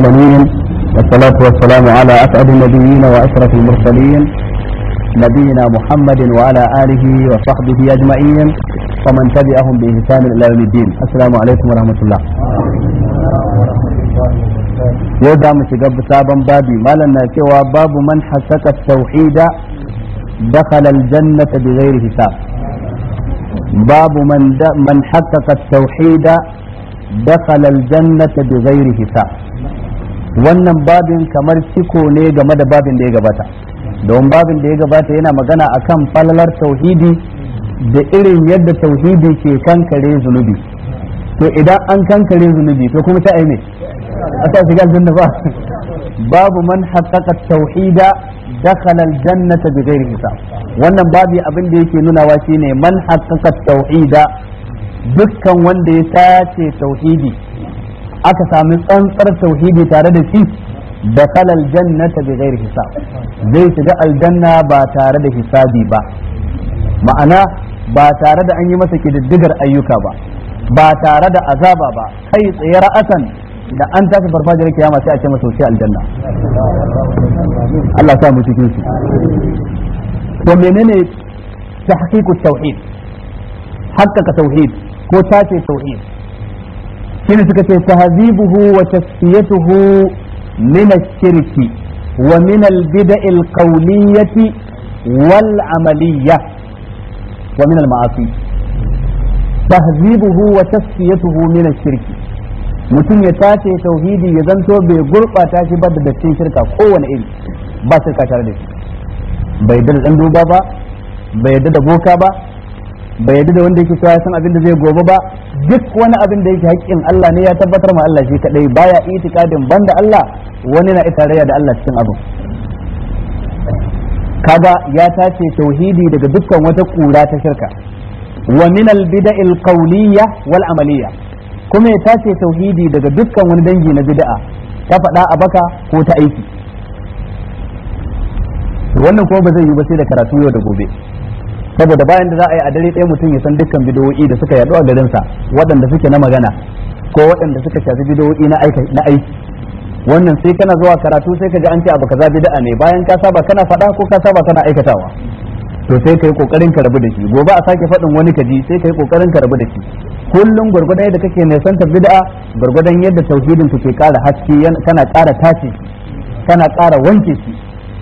المسلمين والصلاة والسلام على أسعد النبيين وأشرف المرسلين نبينا محمد وعلى آله وصحبه أجمعين ومن تبعهم بإحسان إلى يوم الدين السلام عليكم ورحمة الله يوضع مسجد سابا بابي ما لنا سوى باب من حسك التوحيد دخل الجنة بغير حساب باب من من حقق التوحيد دخل الجنة بغير حساب wannan babin kamar ciko ne game da babin da ya gabata don babin da ya gabata yana magana akan falalar tauhidi da irin yadda tauhidi ke kankare zunubi to idan an kankare zunubi to kuma ta aime a sa shiga aljanna ba babu man haqqaqa tauhida dakhala aljannata bighairi hisab wannan babi abin da yake nunawa shine man haqqaqa tauhida dukkan wanda ya tace tauhidi aka sami tsantsar tauhidi tare da shi da kalal ta bi ghairi hisab zai shiga aljanna ba tare da hisabi ba ma'ana ba tare da an yi masa kididdigar ayyuka ba ba tare da azaba ba kai tsaye asan da an tafi farfajiyar kiyama sai a ce masa wuce aljanna Allah sa mu cikin shi to menene tahqiqut tauhid haqqaqa tauhid ko tace tauhid shine suka ce tahzibuhu wa tasfiyatuhu min ash-shirki wa min al-bid'i al wal wa min al-ma'asi tahzibuhu wa tasfiyatuhu min ash-shirki mutum ya tace tauhidi ya zanto bai gurbata shi ba da dattin shirka kowane iri ba shirka tare da shi bai da dan duba ba bai da boka ba bai yadda da wanda yake cewa ya san abin da zai gobe ba duk wani abin da yake haƙƙin Allah ne ya tabbatar ma Allah shi kadai baya itikadin banda Allah wani na itarayya da Allah cikin abu kaga ya tace tauhidi daga dukkan wata kura ta shirka wa min al bid'il qawliyya wal amaliyya kuma ya tace tauhidi daga dukkan wani dangi na bid'a ta faɗa a baka ko ta aiki wannan ko ba zai yi ba sai da karatu yau da gobe saboda bayan da za a yi a dare ɗaya mutum ya san dukkan bidowoyi da suka yaɗu a garinsa waɗanda suke na magana ko waɗanda suka shafi bidowoyi na aiki wannan sai kana zuwa karatu sai ka ji an ce abu kaza bid'a ne bayan ka saba kana faɗa ko ka saba kana aikatawa to sai kai kokarin ka rabu da shi gobe a sake faɗin wani kaji sai kai kokarin ka rabu da shi kullum gurgurdan yadda kake ne san bid'a gurgurdan yadda tauhidin ke ƙara haske kana ƙara tace kana kara wanke shi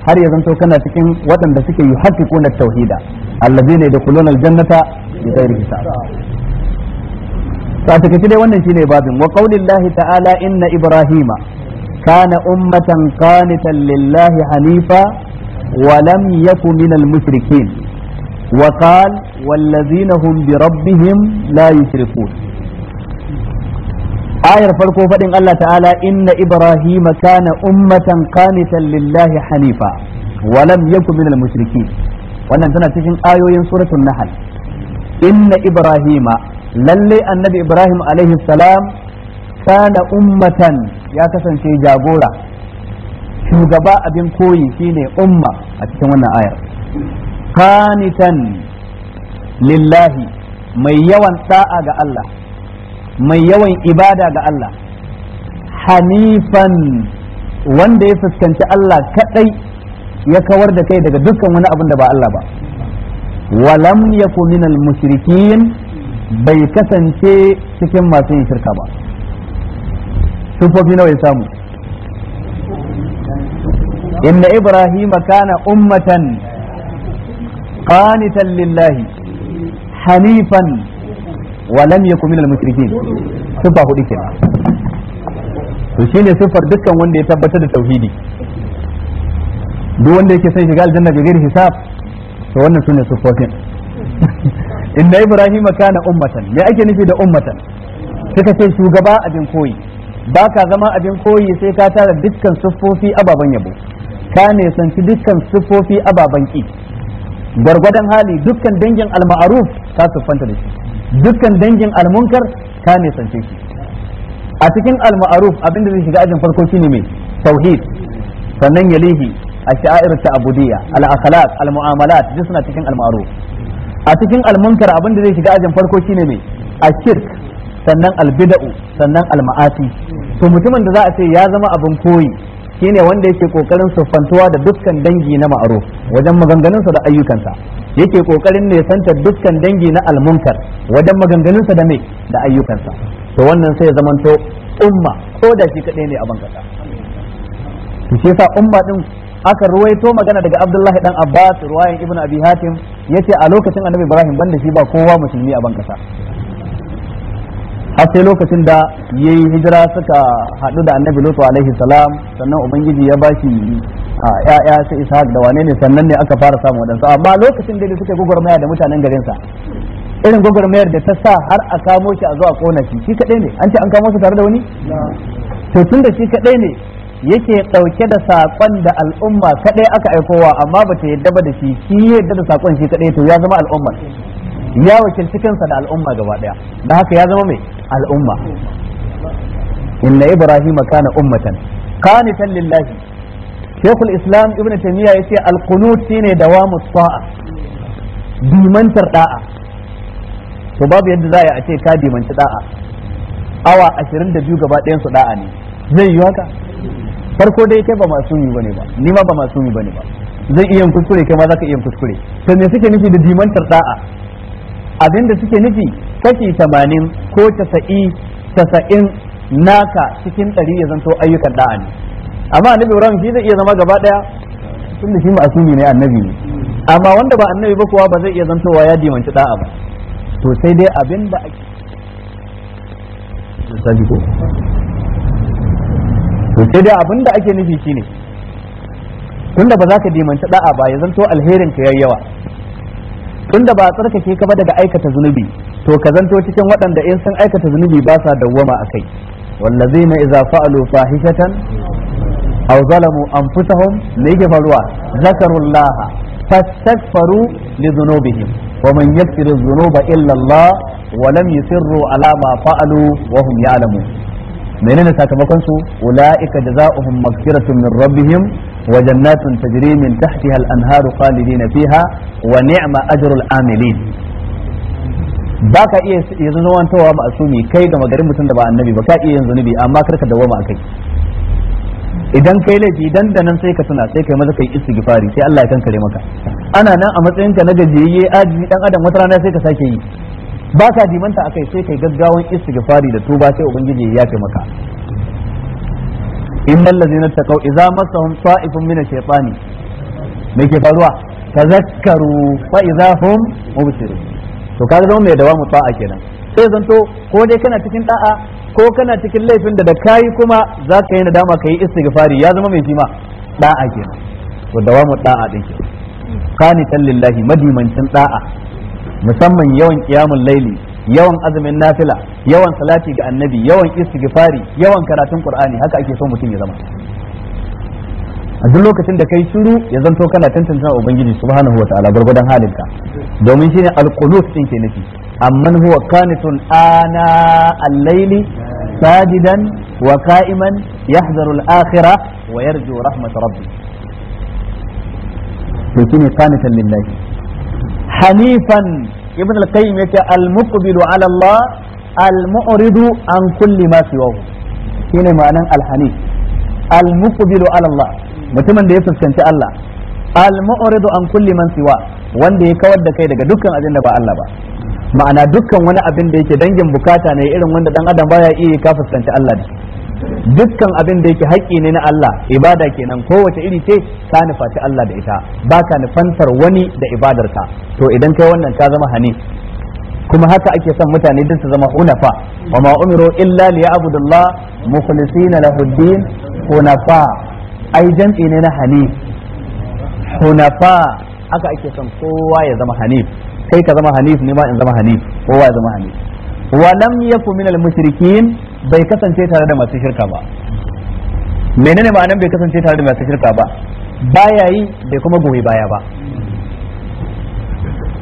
har ya zanto kana cikin waɗanda suke yi haƙiƙunar tauhida allazina yadkhuluna aljannata bi ghairi hisab ta take dai wannan shine babin wa qaulillahi ta'ala inna ibrahima kana ummatan qanitan lillahi hanifa wa lam yakun minal mushrikin wa qala wallazina hum bi rabbihim la yushrikun ayar farko faɗin Allah ta'ala inna ibrahim kana ummatan qanitan lillahi hanifa wa lam yakun minal wannan tana cikin ayoyin suratul nahl inna ibrahima lalle annabi ibrahim alaihi salam kana ummatan ya kasance jagora shugaba abin koyi shine umma a cikin wannan ayar qanitan lillahi mai yawan da'a ga Allah mai yawan ibada ga Allah hanifan wanda ya fuskanci Allah kadai ya kawar da kai daga dukkan wani abin da ba Allah ba walam yakun minal mushrikin bai kasance cikin masu yin shirka ba sufofi nawa ya samu inna ibrahim kana ummatan qanitan lillahi hanifan wa lam yakun minal mushrikin sifa hudu kenan to shine sifar dukkan wanda ya tabbatar da tauhidi duk wanda yake son shiga aljanna ga gari hisab to wannan sune sifofin inna ibrahim kana ummatan me ake nufi da ummatan ka ce shugaba abin koyi ba ka zama abin koyi sai ka tara dukkan siffofi ababen yabo ka ne santi dukkan siffofi ababen ki gwargwadon hali dukkan dangin al-ma'ruf ka siffanta da shi dukkan dangin almunkar ka nisance shi a cikin almaruf abin da zai shiga ajin farko shine mai tauhid sannan yalihi a الشعائر التعبدية الأخلاق المعاملات cikin تكن cikin almunkar المنكر zai shiga ajin farko shine mai ashirk sannan albida'u sannan alma'asi to mutumin da za a ce ya zama abin koyi shine wanda yake kokarin siffantuwa da dukkan dangi na ma'aruf wajen maganganunsa da ayyukansa yake kokarin ne santa dukkan dangi na almunkar wajen maganganunsa da mai da ayyukansa to wannan sai ya zamanto umma ko da shi kadai ne a bankasa to shi yasa umma din aka ruwaito magana daga Abdullahi dan Abbas ruwayan Ibn Abi Hatim yace a lokacin Annabi Ibrahim banda shi ba kowa musulmi a bankasa har sai lokacin da ya yi hijira suka haɗu da annabi lutu alaihi salam sannan ubangiji ya ba shi ya'ya su ishaq da wane ne sannan ne aka fara samun waɗansu amma lokacin da suke gwagwarmaya da mutanen garinsa irin gwagwarmayar da ta sa har a kamo shi a zuwa kona shi shi kaɗai ne an ce an kamo su tare da wani to tun da shi kaɗai ne yake ɗauke da saƙon da al'umma kaɗai aka aikowa amma ba ta yadda ba da shi shi yadda da saƙon shi kaɗai to ya zama al'umma ya wakilci kansa da al'umma gaba ɗaya da haka ya zama mai al'umma inna ibrahima kana ummatan qanitan lillahi shaykhul islam ibnu taymiya yace al-qunut shine dawamu sa'a dimantar da'a to babu yadda za a ce ka dimanci da'a awa 22 gaba ɗayan su da'a ne zai yi haka farko dai kai ba yi bane ba ni ma ba yi bane ba zai iya kuskure kai ma zaka iya kuskure to me suke nufi da dimantar da'a abinda suke nufi kashi tamanin ko tasa'i tasa'in naka cikin ɗari ya zanto ayyukan da'a ne amma annabi ibrahim shi zai iya zama gaba ɗaya tun da shi ma'asumi ne annabi ne amma wanda ba annabi ba kuwa ba zai iya zantowa ya dimanci da'a ba to sai dai abin da ake to sai dai abin da ake nufi shine tunda ba za ka dimanci da'a ba ya zanto alherin ka yayi yawa tunda ba a tsarkake ka ba daga aikata zunubi to ka zanto cikin waɗanda in sun aikata zunubi ba sa dawwama a kai wallazina iza fa'alu fahishatan aw zalamu anfusahum me yake faruwa zakarullaha fastaghfaru li dhunubihim wa man yaghfiru dhunuba illa Allah wa lam yusirru ala ma fa'alu wa hum ya'lamun menene sakamakon su ulaika jazaohum maghfiratun min rabbihim wa jannatun tajri min tahtiha al-anharu khalidina fiha wa ni'ma ajrul amilin ba ka iya yanzu zamantowa ma'asumi kai ga magarin mutum da ba annabi ba ka iya yin zunubi amma karka dawoma a kai idan kai laifi idan da nan sai ka tuna sai kai maza kai istighfari sai Allah ya kankare maka ana nan a matsayin ka na gajiyayye aji dan adam wata rana sai ka sake yi ba ka dimanta akai sai kai gaggawan istighfari da tuba sai ubangiji ya yafe maka innal ladzina taqaw idza massahum sa'ifun min ash-shaytani me ke faruwa tazakkaru fa idza hum mubsirun to ka zama mai dawamu ta'a kenan sai zanto ko dai kana cikin da'a ko kana cikin laifin da da kayi kuma za ka yi nadama ka yi istighfari ya zama mai jima da'a kenan to dawamu da'a din ke qanitan lillahi madimancin da'a musamman yawan qiyamul laili yawan azumin nafila yawan salati ga annabi yawan istighfari yawan karatun qur'ani haka ake so mutum ya zama a duk lokacin da kai shiru ya zanto kana tantance ubangiji subhanahu wataala gurgudan halinka domin shine alqunut din ke nufi amman huwa qanitun ana al-layli sajidan wa qa'iman yahzaru al-akhirah wa yarju rahmat rabbi to shine qanitan lillahi hanifan ibn al-qayyim yace al-muqbilu ala Allah al-mu'ridu an kulli ma siwahu shine ma'anan al-hanif al-muqbilu ala Allah mutumin da ya fuskanci Allah al-mu'ridu an kulli man siwa wanda ya kawar da kai daga dukkan abin da ba Allah ba ma'ana dukkan wani abin da yake dangin bukata ne irin wanda dan adam baya iya ka fuskanci Allah da dukkan abin da yake haƙƙi ne na Allah ibada kenan kowace iri ce ka nufaci Allah da ita ba ka nufantar wani da ibadarka to idan kai wannan ka zama hani kuma haka ake son mutane duk su zama hunafa wa ma umiru illa liya'budullah mukhlisina lahuddin hunafa ai jam'i ne na hanif hunafa haka ake son kowa ya zama hanif kai ka zama hanif ne ma in zama hanif kowa ya zama hanif wa lam yakun min al-mushrikin bai kasance tare da masu shirka ba menene ma'anan bai kasance tare da masu shirka ba baya yi bai kuma goyi baya ba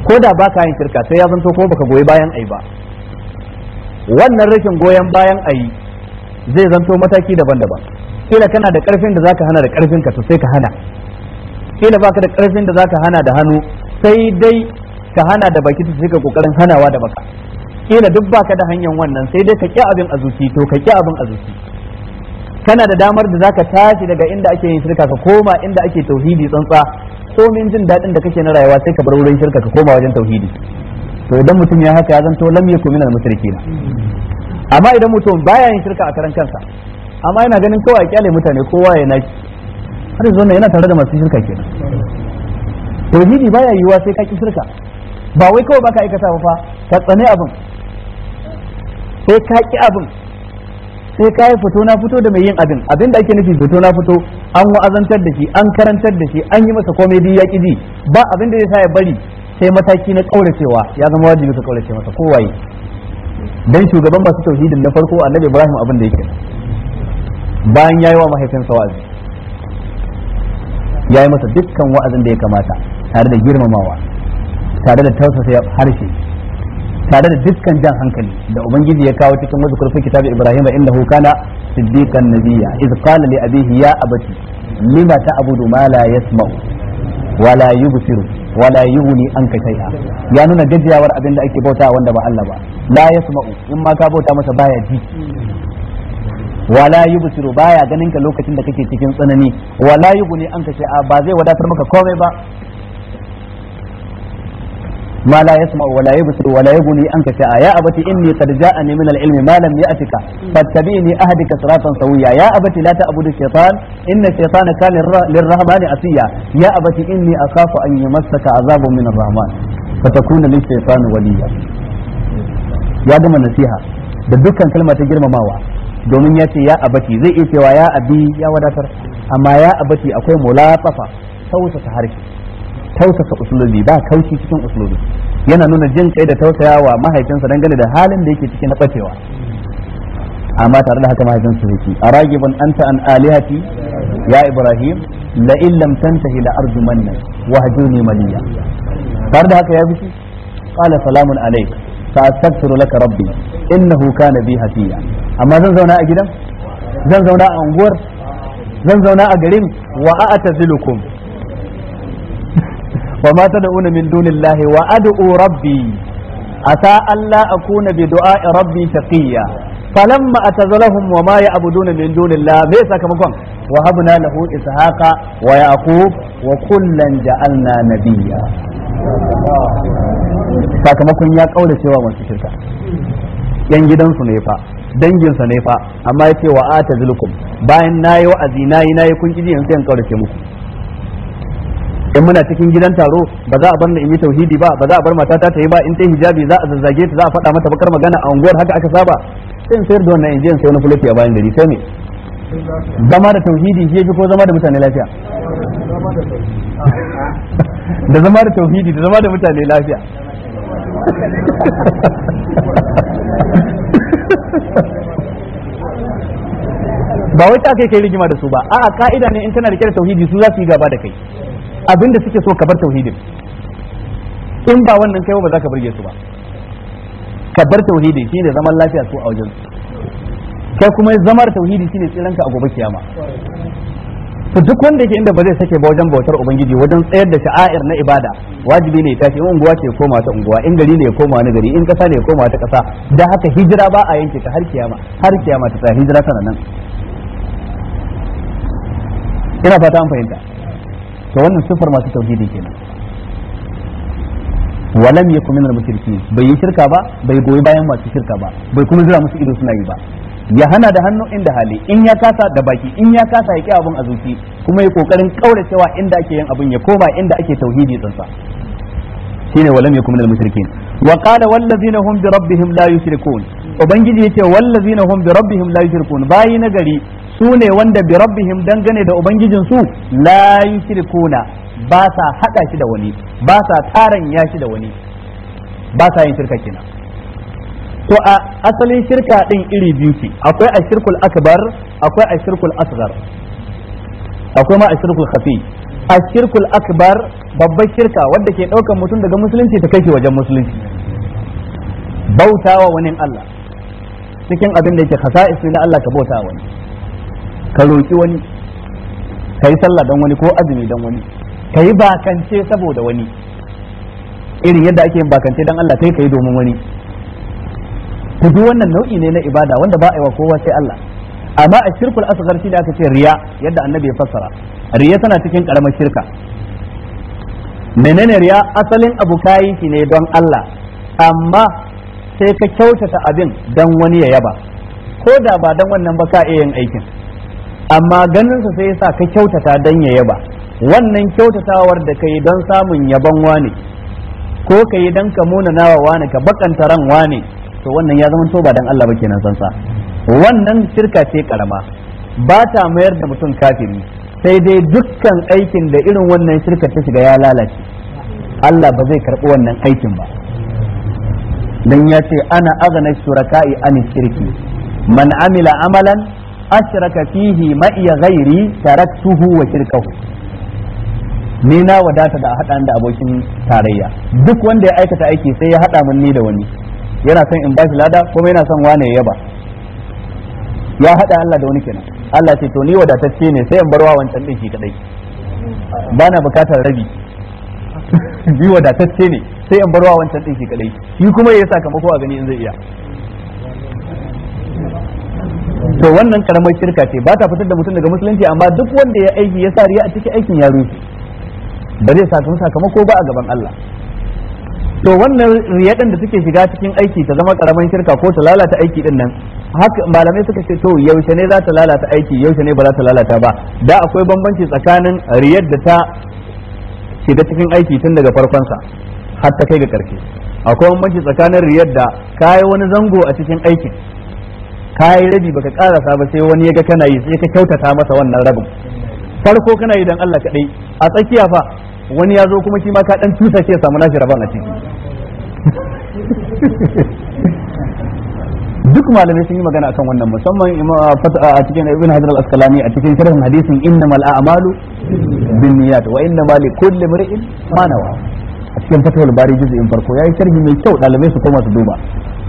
ko da baka yin shirka sai ya zanto ko baka goyi bayan ai ba wannan rashin goyon bayan ai zai zanto mataki daban-daban kila kana da karfin da zaka hana da karfin ka to sai ka hana kila baka da karfin da zaka hana da hannu sai dai ka hana da baki sai ka kokarin hanawa da baka kila duk baka da hanyar wannan sai dai ka ki abin azuki to ka ki abin azuki kana da damar da zaka tashi daga inda ake yin shirka ka koma inda ake tauhidi tsantsa komin jin daɗin da kake na rayuwa sai ka bar wurin shirka ka koma wajen tauhidi to idan mutum ya haka ya zanto lam yakun minal mushrikin amma idan mutum baya yin shirka a karan kansa amma yana ganin kawai a kyale mutane kowa ya naki har yanzu yana tare da masu shirka kenan tauhidi baya yiwuwa sai ka ki shirka ba wai kawai baka aikata ba fa ka tsane abin sai ka ki abin sai ka fito na fito da mai yin abin abin da ake nufi fito na fito an wa'azantar da shi an karantar da shi an yi masa komai duk ya ki ji ba abin da zai sa ya bari sai mataki na kauracewa ya zama wajibi ka kaurace masa kowaye dan shugaban masu tauhidin na farko annabi Ibrahim abin da yake bayan yayi wa mahaifinsa wa'azi yayi masa dukkan wa'azin da ya kamata tare da girmamawa tare da tausasa harshe tare da dukkan jan hankali da ubangiji ya kawo cikin wasu kurfin kitabu ibrahim innahu kana siddiqan nabiyya iz qala li abihi ya abati lima ta'budu ma la yasma'u wa la yubsiru wa la yughni anka shay'a ya nuna gajiyawar abin da ake bauta wanda ba Allah ba la yasma'u in ma ka bauta masa baya ji wala yubsiru baya ganin lokacin da kake cikin tsanani wala yubni an ka a ba zai wadatar maka komai ba ma la yasma'u wala yubsiru wala yubni a ya abati inni qad ja'ani min al ilmi ma lam ya'tika fattabi'ni ahdika siratan sawiya ya abati la ta'budu shaytan inna shaytana kana lirrahman asiya ya abati inni akhafu an yamassaka azabun min ar-rahman fatakuna li shaytan waliya ya gama nasiha da dukkan kalma ta girmamawa domin ya ce ya abati zai iya cewa ya abi ya wadatar amma ya abati akwai mulafafa tausasa harshe tausasa usulobi ba kauci cikin usulobi. yana nuna jin kai da tausayawa mahaifinsa dangane da halin da yake ciki na bacewa amma tare da haka mahaifinsa yake aragiban anta an alihati ya ibrahim la in lam tantahi la arjumanna wahjurni maliya tare da haka ya bi qala salamun alayka fa astaghfiru laka rabbi innahu kana bi hafiya amma zan zauna a gidan zan zauna a unguwar zan zauna a garin wa a'tazilukum wa ma tad'una min dunillahi wa ad'u rabbi asa alla akuna bi du'a'i rabbi taqiya falamma atazalahum wa ma ya'buduna min dunillah me sakamakon wa habna lahu ishaqa wa yaqub wa kullan ja'alna nabiyya sakamakon ya kaura cewa masu shirka yan gidansu ne fa danginsa ne fa amma ya ce wa ta zulukum bayan na yi wa'azi na yi na yi kun kiji yanzu yan ce muku in muna cikin gidan taro ba za a bar na in yi tauhidi ba ba za a bar matata ta yi ba in ta hijabi za a zazzage ta za a faɗa mata bakar magana a unguwar haka aka saba sai in sayar da wannan injiyan sai in sayo a bayan gari sai me zama da tauhidi shi ya fi ko zama da mutane lafiya da zama da tauhidi da zama da mutane lafiya ba wai ta kai kai rigima da su ba a'a ka'ida ne in kana rike da tauhidi su za su yi gaba da kai abinda suke so ka bar tauhidin in ba wannan kai ba za ka burge su ba ka bar tauhidi shine zaman lafiya su a wajen kai kuma zamar tauhidi shine tsiranka a gobe kiyama to duk wanda yake inda ba zai sake ba wajen bautar ubangiji wajen tsayar da sha'air na ibada wajibi ne tashi in unguwa ce koma ta unguwa in gari ne ya koma na gari in kasa ne ya koma ta kasa da haka hijira ba a yanke ta har kiyama har kiyama ta tsaya hijira tana nan ina fata an fahimta to wannan sufar masu tauhidi kenan walam yakun al-mushrikeen bai yi shirka ba bai goyi bayan masu shirka ba bai kuma jira musu ido suna yi ba ya hana da hannu inda hali in ya kasa da baki in ya kasa ya ki abin a zuci kuma ya kokarin cewa inda ake yin abin ya koma inda ake tauhidi tsansa shine walam yakum minal mushrikin wa qala wallazina hum bi rabbihim la yushrikun ubangiji yace wallazina hum bi rabbihim la yushrikun bayi nagari sune wanda bi rabbihim dangane da ubangijin su la yushrikuna ba sa hada shi da wani ba sa taran ya shi da wani ba sa yin shirka kenan to a asalin shirka din iri biyu ce akwai a shirkul akbar akwai a shirkul asghar akwai ma a shirkul khafi shirkul akbar babbar shirka wadda ke daukan mutum daga musulunci ta kai wajen musulunci bautawa wani Allah cikin abin da yake khasa'is na Allah ka bauta wani ka roki wani ka yi sallah dan wani ko azumi dan wani ka yi bakance saboda wani irin yadda ake yin bakance don Allah kai ka yi domin wani to duk wannan nau'i ne na ibada wanda ba a yi wa kowa sai Allah amma a shirkul asghar shi da aka ce riya yadda annabi ya fassara riya tana cikin karamar shirka menene riya asalin abu kayi shi ne don Allah amma sai ka kyautata abin don wani ya yaba ko da ba dan wannan ba ka iya yin aikin amma ganin sa sai yasa ka kyautata dan ya yaba wannan kyautatawar da kai don samun yaban wani ko ka yi don ka wa wani ka bakanta ran wani to wannan ya zama ba dan Allah ba kenan sansa wannan shirka ce karama ba ta mayar da mutum kafiri sai dai dukkan aikin da irin wannan shirka ta shiga ya lalace Allah ba zai karɓi wannan aikin ba dan ya ce ana azana shuraka'i an shirki man amila amalan ashraka fihi ma'iya ghairi taraktuhu wa shirkahu ni na wadata da haɗa da abokin tarayya duk wanda ya aikata aiki sai ya haɗa mun ni da wani yana son in bashi lada kuma yana son wane yaba ya hada Allah da wani kenan Allah ce to ni wadatacce ne sai in barwa wancan din shi kadai ba na bukatar rabi ni wadatacce ne sai in barwa wancan din shi kadai shi kuma ya sakamako a gani in zai iya to wannan karamar shirka ce ba ta fitar da mutum daga musulunci amma duk wanda ya aiki ya sa riya a cikin aikin ya rufe ba zai sakamako ba a gaban Allah to wannan riyadan da suke shiga cikin aiki ta zama karamin shirka ko ta lalata aiki din nan haka malamai suka ce to yaushe ne za ta lalata aiki yaushe ne ba za ta lalata ba da akwai bambanci tsakanin riyar da ta shiga cikin aiki tun daga farkonsa har ta kai ga karshe akwai bambanci tsakanin riyar da kai wani zango a cikin aikin kai rabi baka karasa ba sai wani ya ga kana yi sai ka kyautata masa wannan rabin farko kana yi dan Allah kadai a tsakiya fa wani ya zo kuma shi ma ka dan tusa ke samu nashi rabon a ciki duk malamai sun yi magana akan wannan musamman a cikin ibn hajar al-asqalani a cikin sharhin hadisin innamal a'malu binniyat wa innamal likulli imrin ma nawa a cikin fatawul bari juz'in farko yayi sharhi mai kyau dalibai su koma su duba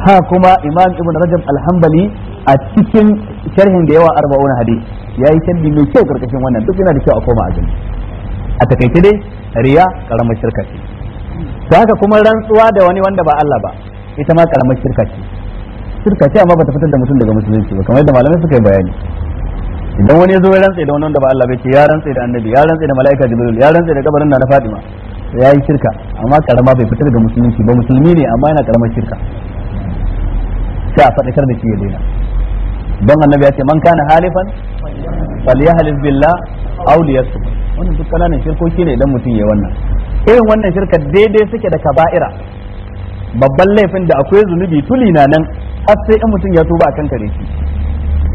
ha kuma imam ibn rajab al-hanbali a cikin sharhin da yawa arba'una hadis yayi sharhi mai kyau karkashin wannan duk yana da kyau a koma a gani a takaice dai riya karamar shirka ce haka kuma rantsuwa da wani wanda ba Allah ba ita ma karamar shirka ce shirka ce amma bata fitar da mutum daga musulunci ba kamar yadda malamai suka yi bayani idan wani ya zo ya rantsa da wani wanda ba Allah bai ce ya rantsa da annabi ya rantsa da mala'ika jibril ya rantsa da kabarin na Fatima ya yi shirka amma karama bai fitar daga musulunci ba musulmi ne amma yana karamar shirka sai a faɗakar da shi ya daina don annabi ya ce man kana halifan falyahlif billah aw liyasum wannan duk kananan shirkoki ne idan mutum ya wannan irin wannan shirka daidai suke da kaba'ira babban laifin da akwai zunubi tuli na nan har sai in mutum ya tuba a kankare shi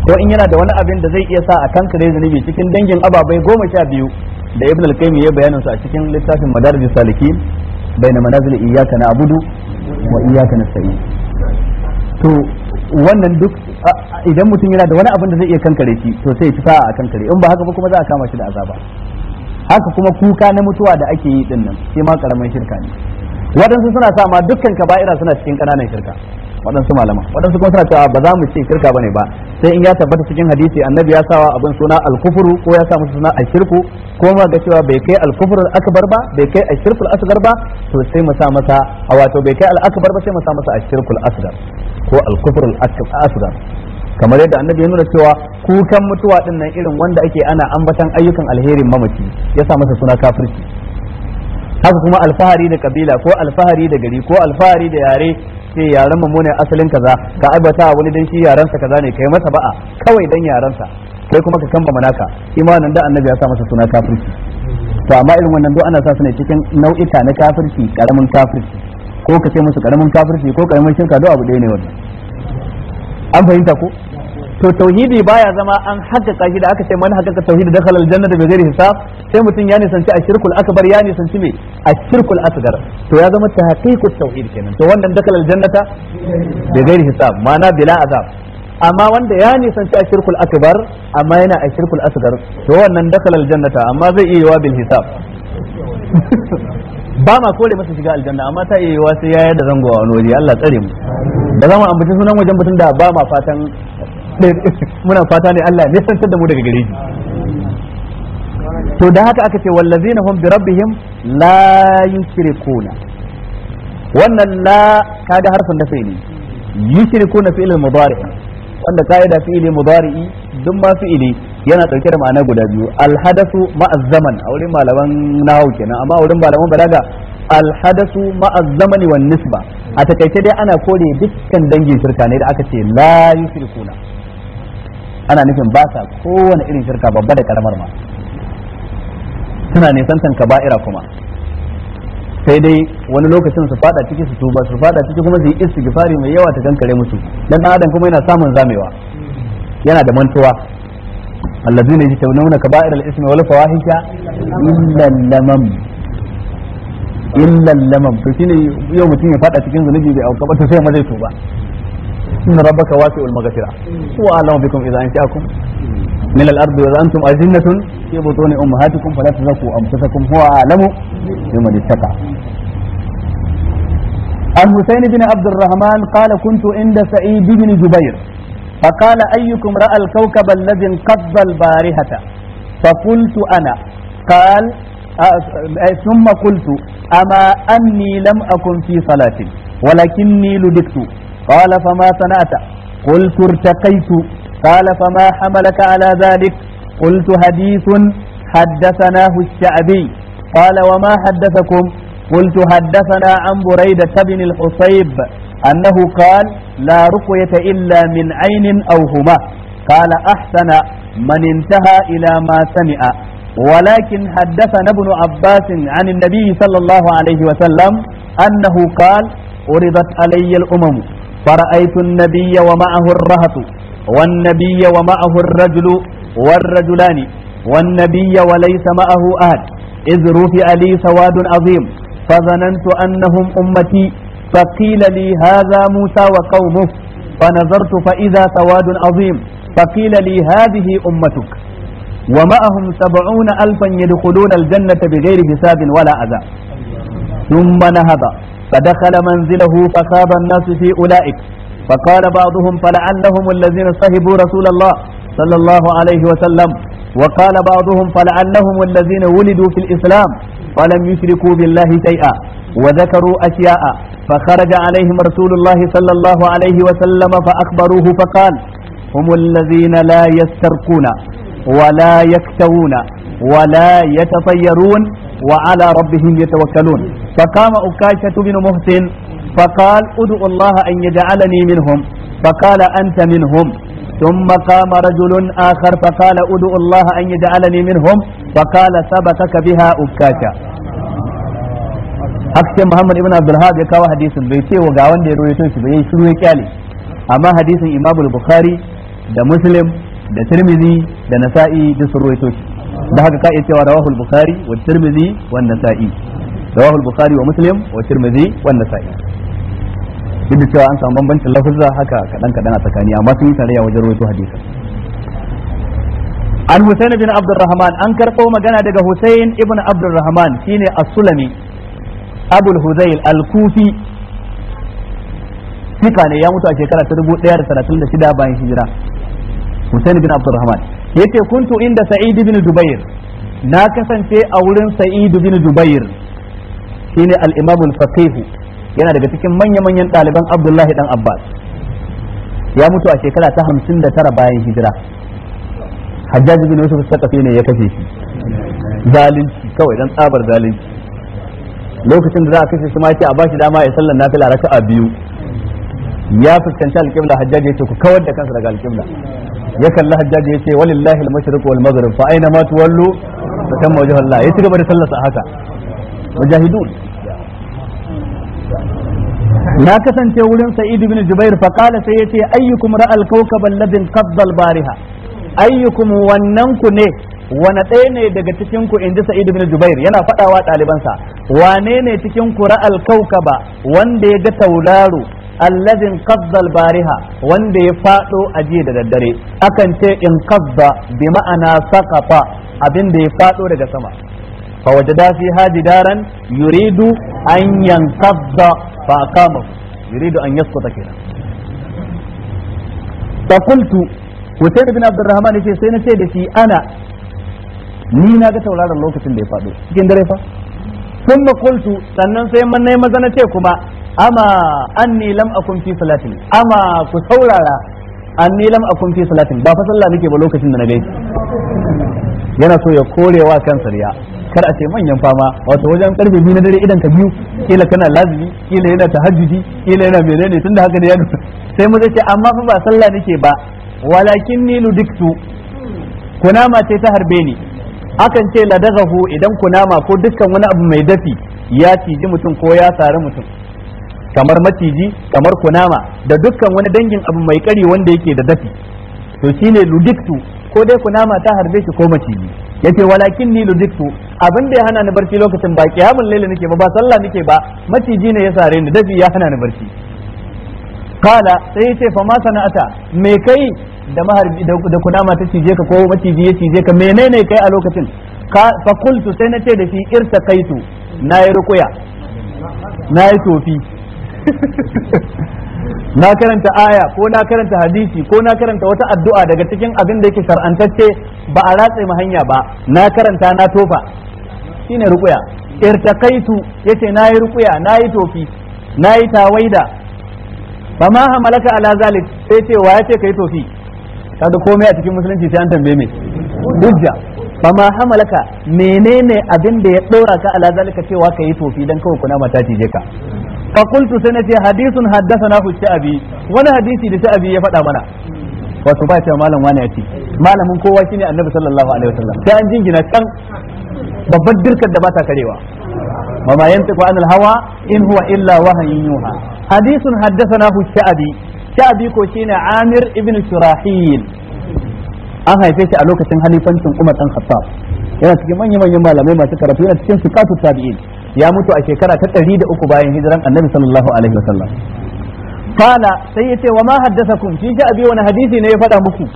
ko in yana da wani abin da zai iya sa a kankare zunubi cikin dangin ababai goma sha biyu da ibn al-qayyim ya bayanin su a cikin littafin madarij salikin baina manazil iyyaka na'budu wa iyyaka nasta'in to wannan duk idan mutum yana da wani abin da zai iya kankare shi to sai ya ci a kankare in ba haka ba kuma za a kama shi da azaba haka kuma kuka na mutuwa da ake yi din nan shi ma karamin shirka ne waɗansu suna sa ma dukkan kaba'ira suna cikin ƙananan shirka waɗansu malama waɗansu kuma suna cewa ba za mu ce shirka bane ba sai in ya tabbata cikin hadisi annabi ya sawa abin suna alkufuru ko ya sa musu suna ashirku ko ma ga cewa bai kai alkufurul akbar ba bai kai ashirkul asgar ba to sai mu sa masa a wato bai kai alakbar ba sai mu sa masa ashirkul asgar ko alkufurul asgar kamar yadda annabi ya nuna cewa kukan mutuwa din irin wanda ake ana ambatan ayyukan alherin mamaci ya sa masa suna kafirci haka kuma alfahari da kabila ko alfahari da gari ko alfahari da yare sai yaren mu ne asalin kaza ka aibata wani dan shi yaren sa kaza ne kai masa ba'a kawai dan yaren sa kai kuma ka kamba manaka imanin da annabi ya sa masa suna kafirci to amma irin wannan duk ana sa su ne cikin nau'ika na kafirci karamin kafirci ko ka ce musu karamin kafirci ko karamin shirka duk abu ɗaya ne wannan an fahimta ko to tauhidi baya zama an haƙƙaƙa shi da aka ce man haƙƙaƙa tauhidi da halal janna da bai hisab sai mutum ya nisanci a shirkul akbar ya nisanci me shirkul asgar to ya zama tahqiqut tauhid kenan to wannan dakal aljannata bi ghairi hisab ma'ana bila azab amma wanda ya nisanci a shirkul akbar amma yana a shirkul asgar to wannan dakal aljannata amma zai iya yiwa bil hisab ba ma kore masa shiga aljanna amma ta iya yiwa sai ya yarda zango a wani waje Allah tsare mu da za mu ambaci sunan wajen mutum da ba ma fatan muna fata ne Allah ne santar da mu daga gare shi to da haka aka ce wallazina hum bi rabbihim la yushrikuna wannan la kaga harfin da fi'ili yushrikuna fi'il mudari wanda kaida fi'ili mudari duk ma fi'ili yana dauke da ma'ana guda biyu alhadasu ma'a zaman a wurin malaman nahawu kenan amma wurin malaman balaga alhadasu ma'a zamani wan nisba a takaice dai ana kore dukkan dangin shirka ne da aka ce la yushrikuna ana nufin ba sa kowane irin shirka babba da karamar ma suna nisantan kaba'ira kuma sai dai wani lokacin su fada ciki su tuba su fada ciki kuma su yi istighfari mai yawa ta kankare musu dan dan adam kuma yana samun zamewa yana da mantuwa allazina yajtawna kaba'ir al-ismi wal fawahisha illa lamam illa lamam to shine yau mutum ya fada cikin zunubi bai auka ba to sai ma zai tuba إن ربك واسع المغفرة هو أعلم بكم إذا أنشأكم من الأرض وإذا أنتم أجنة في بطون أمهاتكم فلا تزكوا أنفسكم هو أعلم بمن اتقى عن حسين بن عبد الرحمن قال كنت عند سعيد بن جبير فقال أيكم رأى الكوكب الذي انقض البارحة فقلت أنا قال ثم قلت أما أني لم أكن في صلاة ولكني لدكت qala fama sana'ata qultu irtaqaitu qala fama hamalaka ala dhalik qultu hadithun حدثناه الشعبي قال وما حدثكم قلت حدثنا عن بريدة بن الحصيب أنه قال لا رقية إلا من عين أو هما قال أحسن من انتهى إلى ما سمع ولكن حدثنا ابن عباس عن النبي صلى الله عليه وسلم أنه قال عرضت علي الأمم فرأيت النبي ومعه الرهط والنبي ومعه الرجل والرجلان والنبي وليس معه أحد إذ رفع لي سواد عظيم فظننت أنهم أمتي فقيل لي هذا موسى وقومه فنظرت فإذا سواد عظيم فقيل لي هذه أمتك ومعهم سبعون ألفا يدخلون الجنة بغير حساب ولا أذى ثم نهض فدخل منزله فخاب الناس في أولئك فقال بعضهم فلعلهم الذين صهبوا رسول الله صلى الله عليه وسلم وقال بعضهم فلعلهم الذين ولدوا في الإسلام فلم يشركوا بالله شيئا وذكروا أشياء فخرج عليهم رسول الله صلى الله عليه وسلم فأخبروه فقال هم الذين لا يسترقون ولا يكتوون ولا يتطيرون وعلى ربهم يتوكلون فقام أكاشة بن محسن فقال ادعوا الله أن يجعلني منهم فقال أنت منهم ثم قام رجل آخر فقال ادعوا الله أن يجعلني منهم فقال سبتك بها أكاشة hakan Muhammad ibn Abdul ya kawo hadisin bai ce ga wanda ya rawaito shi ba yayi shiru ya kyale amma hadisin Imam al-Bukhari da Muslim da Tirmidhi da Nasa'i duk sun da haka ka cewa rawahu al-Bukhari wa wa Nasa'i rawahu al-bukhari wa muslim wa tirmidhi wa nasa'i duk da cewa an samu bambancin lafuzza haka kaɗan kaɗan a tsakani amma sun yi tarayya wajen rawaito hadisi an Husain bin Abdurrahman an karɓo magana daga Husain ibn Abdurrahman shine as-Sulami Abul Huzail al-Kufi fika ne ya mutu a shekara ta dubu ɗaya da talatin da shida bayan hijira Husain bin Abdurrahman yace kuntu inda Sa'id bin Dubair na kasance a wurin Sa'id bin Dubair shine al-imam al-faqih yana daga cikin manya-manyan ɗaliban abdullahi dan abbas ya mutu a shekara ta hamsin da tara bayan hijira hajjaj bin yusuf sakafi ne ya kashe shi zalunci kawai dan tsabar zalunci lokacin da za a kashe shi ma yake a bashi dama ya sallan nafila raka'a biyu ya fuskanci alƙibla hajjaji ce ku kawar da kansa daga alƙibla ya kalli hajjaji ya ce walillahi al-mashriq wal maghrib fa aina ma tuwallu fa tamma wajhu Allah ya ci gaba da sallarsa haka mujahidun na kasance wurin sa'id ibn jubair fa qala sai yace ayyukum ra'al kawkab alladhi qadda bariha ayyukum wannan ku ne wani ɗaya ne daga cikin ku inji sa'id ibn jubair yana fadawa ɗalibansa wane ne cikin ku ra'al kawkaba wanda ya ga tauraro alladhin kazzal bariha wanda ya fado aje da daddare akan ce in qadda bi ma'ana saqafa abin da ya fado daga sama فوجدا فيها جدارا يريد أن ينقض فأقامه يريد أن يسقط كده فقلت وسيد بن عبد الرحمن يقول سينا سيد في أنا نينا قلت ولا الله كتن دي فادو كين دريفا ثم قلت سنن سيما نيما زنتيكما أما أني لم أكن في صلاة أما كثورا anni lam akun fi salatin ba fa sallah nake ba lokacin da na gaishe yana so ya korewa kansa riya kar a ce manyan fama wato wajen karfe biyu na dare idan ka biyu kila kana lazimi kila yana ta tahajjudi kila yana ne tunda haka ne ya sai mu ce amma fa ba sallah nake ba walakin ni ludiktu kunama ce ta harbe ni akan ce ladagahu idan kunama ko dukkan wani abu mai dafi ya ciji mutum ko ya sare mutum kamar maciji kamar kunama da dukkan wani dangin abu mai kari wanda yake da dafi to shine ludiktu ko dai kunama ta harbe shi ko maciji yace walakin ni ludiktu abin da ya hana ni barci lokacin ba kiyamul laili nake ba ba sallah nake ba maciji ne ya sare ni dafi ya hana ni barci kala sai yace fa ma sana'ata me kai da maharbi da kunama ta cije ka ko maciji ya cije ka menene kai a lokacin fa qultu sai na ce da shi irta kaitu nayi rukuya nayi tofi na karanta aya ko na karanta hadisi ko na karanta wata addu'a daga cikin abin da yake shar'antacce ba a ratse mu hanya ba na karanta na tofa shine rukuya irtaqaitu yace nayi rukuya nayi tofi nayi tawaida fama hamalaka ala zalik sai ce wa yace kai tofi kada komai a cikin musulunci sai an tambaye me hujja fama hamalaka menene abin da ya dora ka ala zalika cewa kai tofi dan kawai kuna mata tije ka sanati hadithun haddathana hu sha'abi. wani hadisi da sha'abi ya faɗa mana wato ba ce malam wani ya ce malamin kowa shine annabi sallallahu alaihi wasallam sai an jingina can babban dirkar da ba ta karewa wa ma yantiqu anil hawa in huwa illa wahyun yuha hadithun haddathanahu sha'bi sha'bi ko shine amir ibn shurahil an haife shi a lokacin halifancin umar dan khattab yana cikin manyan manyan malamai masu karatu yana cikin sukatu tabi'in ya mutu a shekara ta 103 bayan hijiran annabi sallallahu alaihi wasallam qala sai yace wa ma haddathakum shi sha'bi wani hadisi ne ya faɗa muku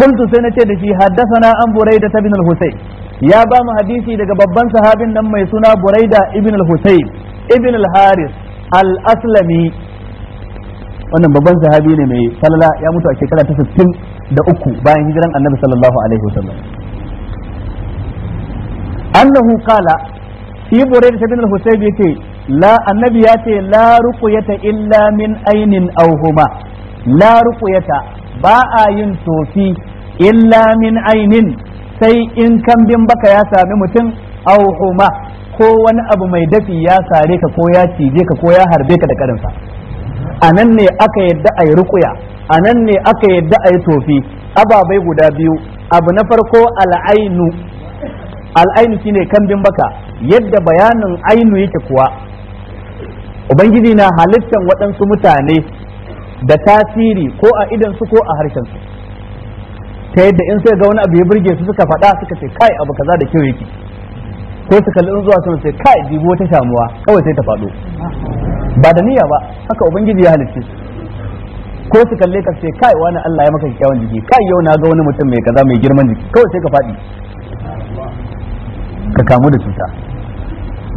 قلت سنة ya حدثنا عن بريدة بن الحسين يا بام حديثي دك ببان صحابي نم يسنا بريدة ابن الحسين ابن الحارث الأسلمي wannan babban sahabi ne mai falala ya mutu a shekara ta 60 da uku bayan hijiran annabi sallallahu alaihi wasallam annahu qala shi burayd ibn al-husayb yace la annabi yace la ruqyata illa min ainin aw huma la ruqyata ba a yin tofi illa min ainin sai in kambin baka ya sami mutum au huma ko wani abu mai dafi ya sare ka ko ya cije ka ko ya harbe ka da karinsa a nan ne aka yadda a yi rukuya a nan ne aka yadda a yi tofi ababai guda biyu abu na farko al'ainu al'ainu shine kambin baka yadda bayanin ainu yake kuwa ubangiji na halittan waɗansu mutane da tasiri ko a idan su ko a harshen su ta yadda in sai ga wani abu ya burge su suka faɗa suka ce kai abu kaza da kyau yake ko su kalli in zuwa sun sai kai jibo ta shamuwa kawai sai ta faɗo ba da niyya ba haka ubangiji ya halicce ko su kalle ka sai kai wani Allah ya maka kyawun jiki kai yau na ga wani mutum mai kaza mai girman jiki kawai sai ka faɗi ka kamu da cuta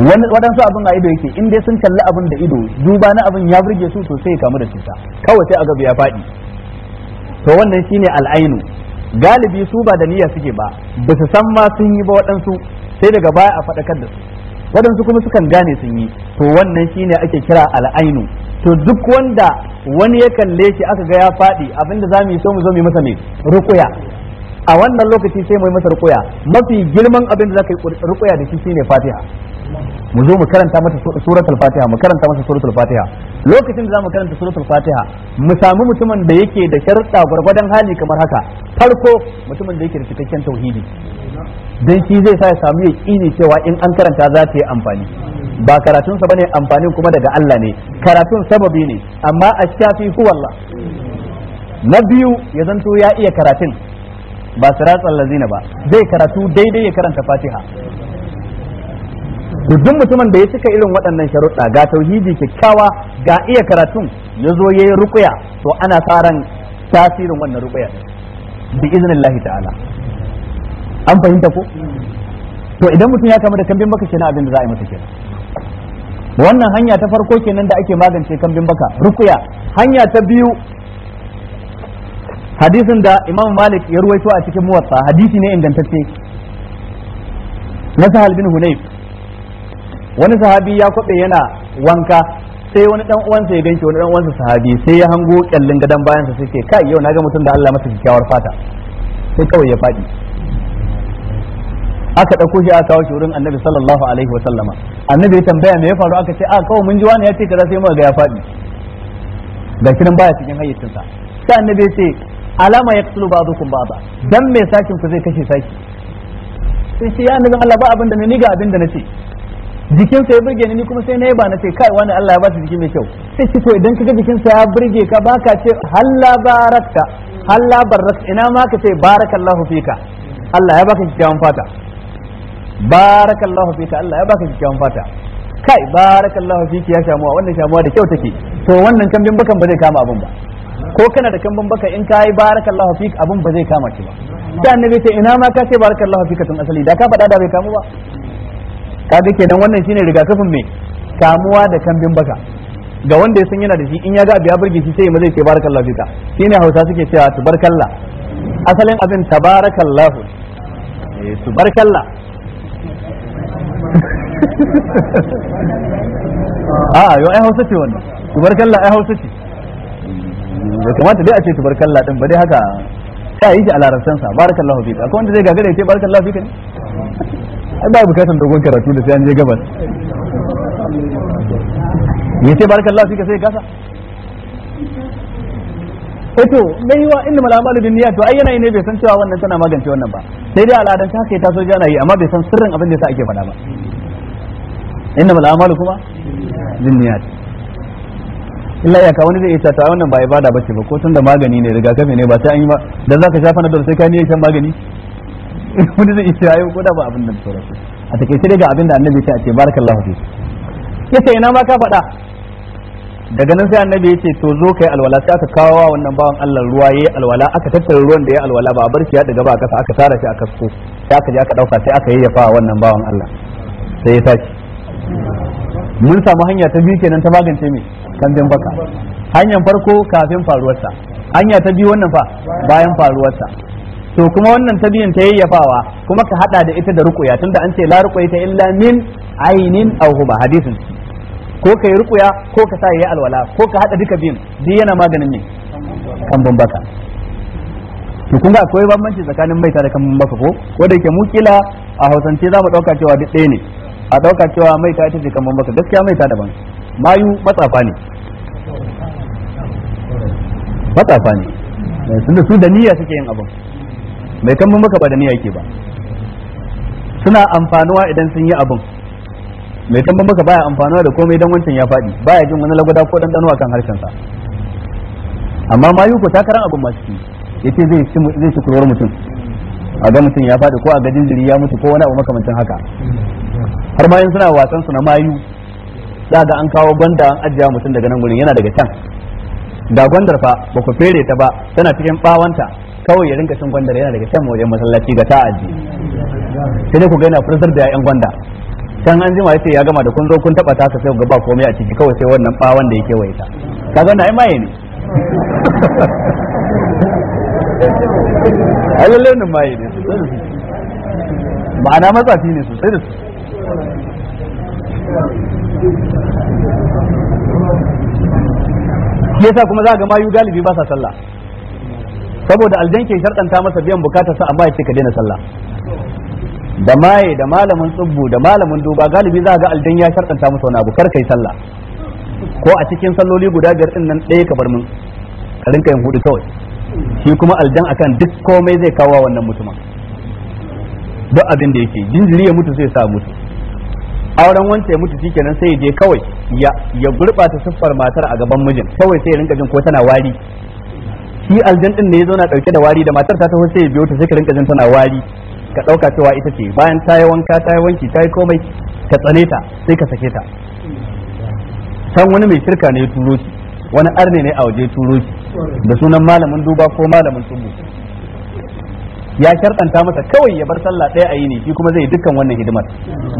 waɗansu abin a ido yake in dai sun kalli abin da ido duba na abin ya burge su sosai ya kamu da cuta kawai sai a gaba ya faɗi to wannan shine al'ainu galibi su ba da niyya suke ba ba su san ma sun yi ba waɗansu sai daga baya a faɗakar da su waɗansu kuma sukan gane sun yi to wannan shine ake kira al'ainu to duk wanda wani ya kalle shi aka ga ya faɗi abinda za mu yi so mu zo mu masa ne rukuya a wannan lokaci sai mu yi masa rukuya mafi girman abin da ka yi rukuya da shi shine fatiha mu zo mu karanta mata suratul fatiha mu karanta masa suratul fatiha lokacin da zamu karanta suratul fatiha mu samu mutumin da yake da sharuɗa gwargwadon hali kamar haka farko mutumin da yake da cikakken tauhidi dan shi zai sa ya samu yaqini cewa in an karanta za ta yi amfani ba karatunsa bane amfanin kuma daga Allah ne karatun sababi ne amma ash-shafi huwa Allah na biyu ya zanto ya iya karatun ba su siratal lazina ba zai karatu daidai ya karanta fatiha duk mutumin da ya cika irin waɗannan sharuɗa ga tauhidi kyakkyawa ga iya karatun ya zo ya yi rukuya to ana ran tasirin wannan rukuya bi lahi ta'ala an fahimta ko to idan mutum ya kama da kambin baka kenan abin da za a yi masa kenan wannan hanya ta farko kenan da ake magance kambin baka rukuya hanya ta biyu hadisin da imam malik ya ruwaito a cikin muwatta hadisi ne ingantacce na sahal bin hunayf wani sahabi ya kwabe yana wanka sai wani dan uwansa ya ganshi wani dan uwansa sahabi sai ya hango kyallin gadan sa sai ce kai yau na ga mutum da Allah masa kyakkyawar fata sai kawai ya fadi aka dauko shi aka kawo shi wurin annabi sallallahu alaihi wa sallama annabi ya tambaya me ya faru aka ce a kawai mun ji wani ya ce kaza sai mu ga ya fadi ga kiran baya cikin hayyacinsa sai annabi ya ce alama ya tsulu ba zukun ba dan mai sakin ku zai kashe saki sai shi ya annabin Allah ba abin da ni ga abin da na ce jikin sa ya burge ni kuma sai na yaba na kai wani Allah ya ba shi jiki mai kyau sai shi to idan kaga jikin sa ya burge ka baka ce halla barakta halla barakta ina ma ka ce barakallahu fika Allah ya baka kyakkyawan fata barakallahu fika Allah ya baka kyakkyawan fata kai barakallahu fiki ya shamuwa wannan shamuwa da kyau take to wannan kambin bakan ba zai kama abin ba ko kana da kamban baka in kai barakallahu fik abun ba zai kama ki ba sai annabi sai ina ma ka ce barakallahu fik tun asali da ka faɗa da bai kamu ba kaga kenan wannan shine rigakafin me kamuwa da kambin baka ga wanda ya san yana da shi in ya ga abu ya burge shi sai zai ce barakallahu fik shine hausa suke cewa barkalla asalin abin tabarakallahu eh tubarkalla a ah, yo ai hausa ce wannan tubarkalla ai hausa ce bai kamata dai a ce tubarkalla ladin ba dai haka ta yi shi a larabcin sa barakallahu fika akwai wanda zai gagare ce barakallahu ka ne ai ba bukatan dogon karatu da sai an je gabas ya ce barakallahu ka sai gasa eto eh mai yiwa inda mal amalu bin niyyat to ai yana ne bai san cewa wannan tana magance wannan ba sai dai al'adan ta kai ta so jana yi amma bai san sirrin abin da yasa ake faɗa ba inda mal kuma bin niyyat illa ya ka wani zai ita ta wannan ba ibada bace ba ko tun da magani ne rigakafi ne ba sai an yi ba dan zaka sha fanadol sai ka ne shan magani wani zai ita yayi ko da ba abin da sauransu a take sai daga abin da annabi ya ce barakallahu fi yace ina ma ka faɗa daga nan sai annabi ya ce to zo kai alwala sai aka kawo wannan bawan Allah ruwa yayi alwala aka tattara ruwan da yayi alwala ba a bar shi ya daga ba a kasa aka tara shi a sako sai aka je aka dauka sai aka yayyafa wannan bawan Allah sai ya tashi mun samu hanya ta biyu kenan ta magance me kambin baka hanyar farko kafin faruwarsa hanya ta biyu wannan fa bayan faruwarsa to kuma wannan ta biyun ta yayyafawa kuma ka hada da ita da rukuya tunda an ce la rukuya ta illa min ainin aw huma hadisin ko kai rukuya ko ka sa yayi alwala ko ka hada duka biyun duk yana maganin ne kambin baka to kun ga akwai bambanci tsakanin maita da kambin baka ko wanda yake mu a hausance za mu dauka cewa duk ɗaya ne a dauka cewa mai ita ce kambin baka gaskiya maita daban mayu matsafa ne matsafa ne tunda su da niyya suke yin abin mai kambun maka ba da niyya yake ba suna amfanuwa idan sun yi abin mai kambun maka baya amfanuwa da komai don wancan ya faɗi baya jin wani lagwada ko dan danuwa kan harshen sa amma mayu ko takarar abin ma suke yace zai ci zai ci kurwar mutum a ga mutum ya faɗi ko a ga jinjiri ya mutu ko wani abu makamancin haka har ma yin suna wasan su na mayu za ga an kawo gwanda an ajiya mutum daga nan gurin yana daga can da gwandar fa ba ku fere ta ba tana cikin bawanta kawai ya rinka cin gwandar yana daga can wajen masallaci ga ta aji sai dai ku gaina furzar da 'ya'yan gwanda can an jima yace ya gama da kun zo kun taba ta sai ku ga ba komai a ciki kawai sai wannan bawan da yake waye ta kaga na ai maye ne Allah lalle nan mai ne ma'ana matsafi ne sosai da su yasa kuma za ga mayu galibi ba sa sallah saboda aljan ke sharɗanta masa biyan sa amma ya ka daina sallah da maye da malamin tsubbu da malamin duba galibi za ga aljan ya sharɗanta masa wani abu kar kai sallah ko a cikin salloli guda biyar din nan ɗaya ka bar min ka rinka yin hudu kawai shi kuma aljan akan duk komai zai kawo wannan mutumin duk abin da yake jinjiri ya mutu zai sa mutu auren wance ya mutu shikenan sai ya je kawai ya ya gurbata siffar matar a gaban mijin kawai sai ya rinka jin ko tana wari shi aljan din ne ya zauna dauke da wari da matar ta taho sai ya biyo ta sai ka rinka jin tana wari ka ɗauka cewa ita ce bayan ta yi wanka ta yi wanki ta yi komai ka tsane ta sai ka sake ta san wani mai shirka ne ya turo shi wani arne ne a waje turo shi da sunan malamin duba ko malamin tubu ya sharɗanta masa kawai ya bar sallah ɗaya a yi ne shi kuma zai dukkan wannan hidimar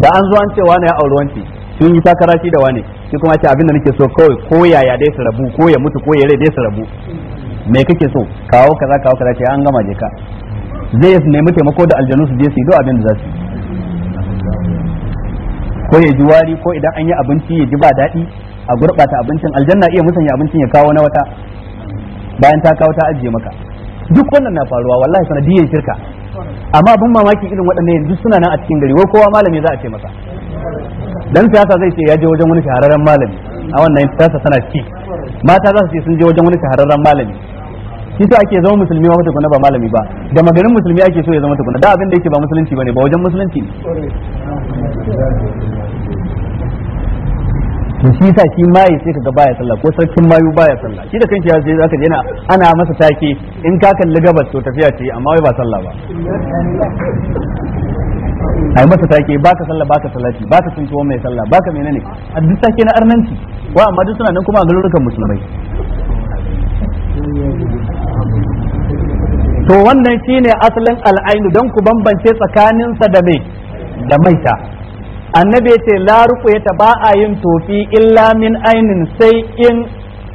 da an zo an ce wani ya auri wance sun yi takara shi da wane shi kuma ce abinda nake so kawai ko yaya dai su rabu ko ya mutu ko ya rai dai su rabu me kake so kawo kaza kawo kaza ce an gama je ka zai nemi taimako da aljanu su je su yi do abin da za su yi ko ya ji wari ko idan an yi abinci ya ji ba daɗi a gurɓata abincin aljanna iya musanya abincin ya kawo na wata bayan ta kawo ta ajiye maka duk wannan na faruwa wallahi sanadiyan shirka amma abin mamaki irin waɗannan yanzu suna nan a cikin gari wai kowa malami za a ce masa dan siyasa zai ce ya je wajen wani shahararren malami a wannan siyasa tana ci mata za su ce sun je wajen wani shahararren malami shi sa ake zama musulmi wata tukuna ba malami ba da maganin musulmi ake so ya zama tukuna da abin da yake ba musulunci bane ba wajen musulunci ne to shi sa shi mai sai kaga baya sallah ko sarkin mayu baya sallah shi da kanki ya sai zaka je na ana masa take in ka kalli gabas to tafiya ce amma wai ba sallah ba ai masa take baka sallah baka salati baka sun tuwo mai sallah baka menene a duk take na arnanci wa amma duk suna nan kuma a garurukan musulmai to wannan shine asalin al'ainu don ku bambance tsakaninsa da mai da maita annabi ya ce la ya ba a yin tofi illa min ainin sai in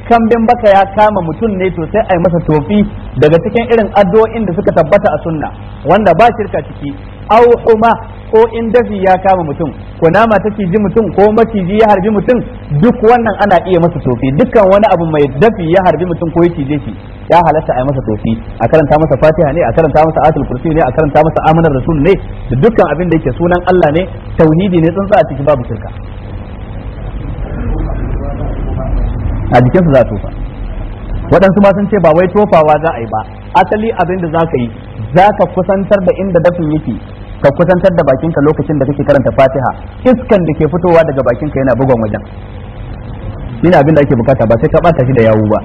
kambin baka ya kama mutum ne to sai a yi masa tofi daga cikin irin addu'o'in da suka tabbata a sunna wanda ba shirka ciki aw huma ko in dafi ya kama mutum ko nama ta ji mutum ko maciji ya harbi mutum duk wannan ana iya masa tofi dukkan wani abu mai dafi ya harbi mutum ko ya cije shi ya halatta a yi masa tofi a karanta masa fatiha ne a karanta masa atul kursi ne a karanta masa amanar rasul ne da dukkan abin da yake sunan Allah ne tauhidi ne tsantsa a cikin babu shirka a jikinsu za tofa waɗansu ma sun ce ba wai tofawa za a yi ba asali abin da za ka yi za ka kusantar da inda dafin yake ka kusantar da bakinka lokacin da kake karanta fatiha iskan da ke fitowa daga bakinka yana bugon wajen ina abin da ake bukata ba sai ka bata shi da yawu ba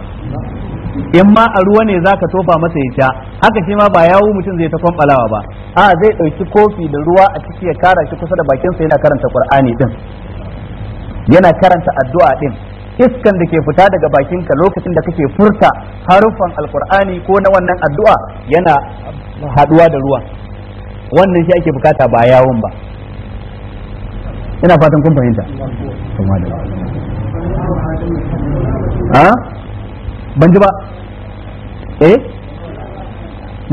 in ma a ruwa ne za ka tofa masa ya sha haka shi ma ba yawu mutum zai ta kwambalawa ba a zai ɗauki kofi da ruwa a ciki ya kara shi kusa da bakinsa yana karanta qur'ani din yana karanta addu'a din iskan da ke fita daga bakinka lokacin da kake furta harufan alqur'ani ko na wannan addu'a yana haɗuwa da ruwa wannan shi ake bukata ba yawon ba ina fatan kun fahimta ha ban ji ba eh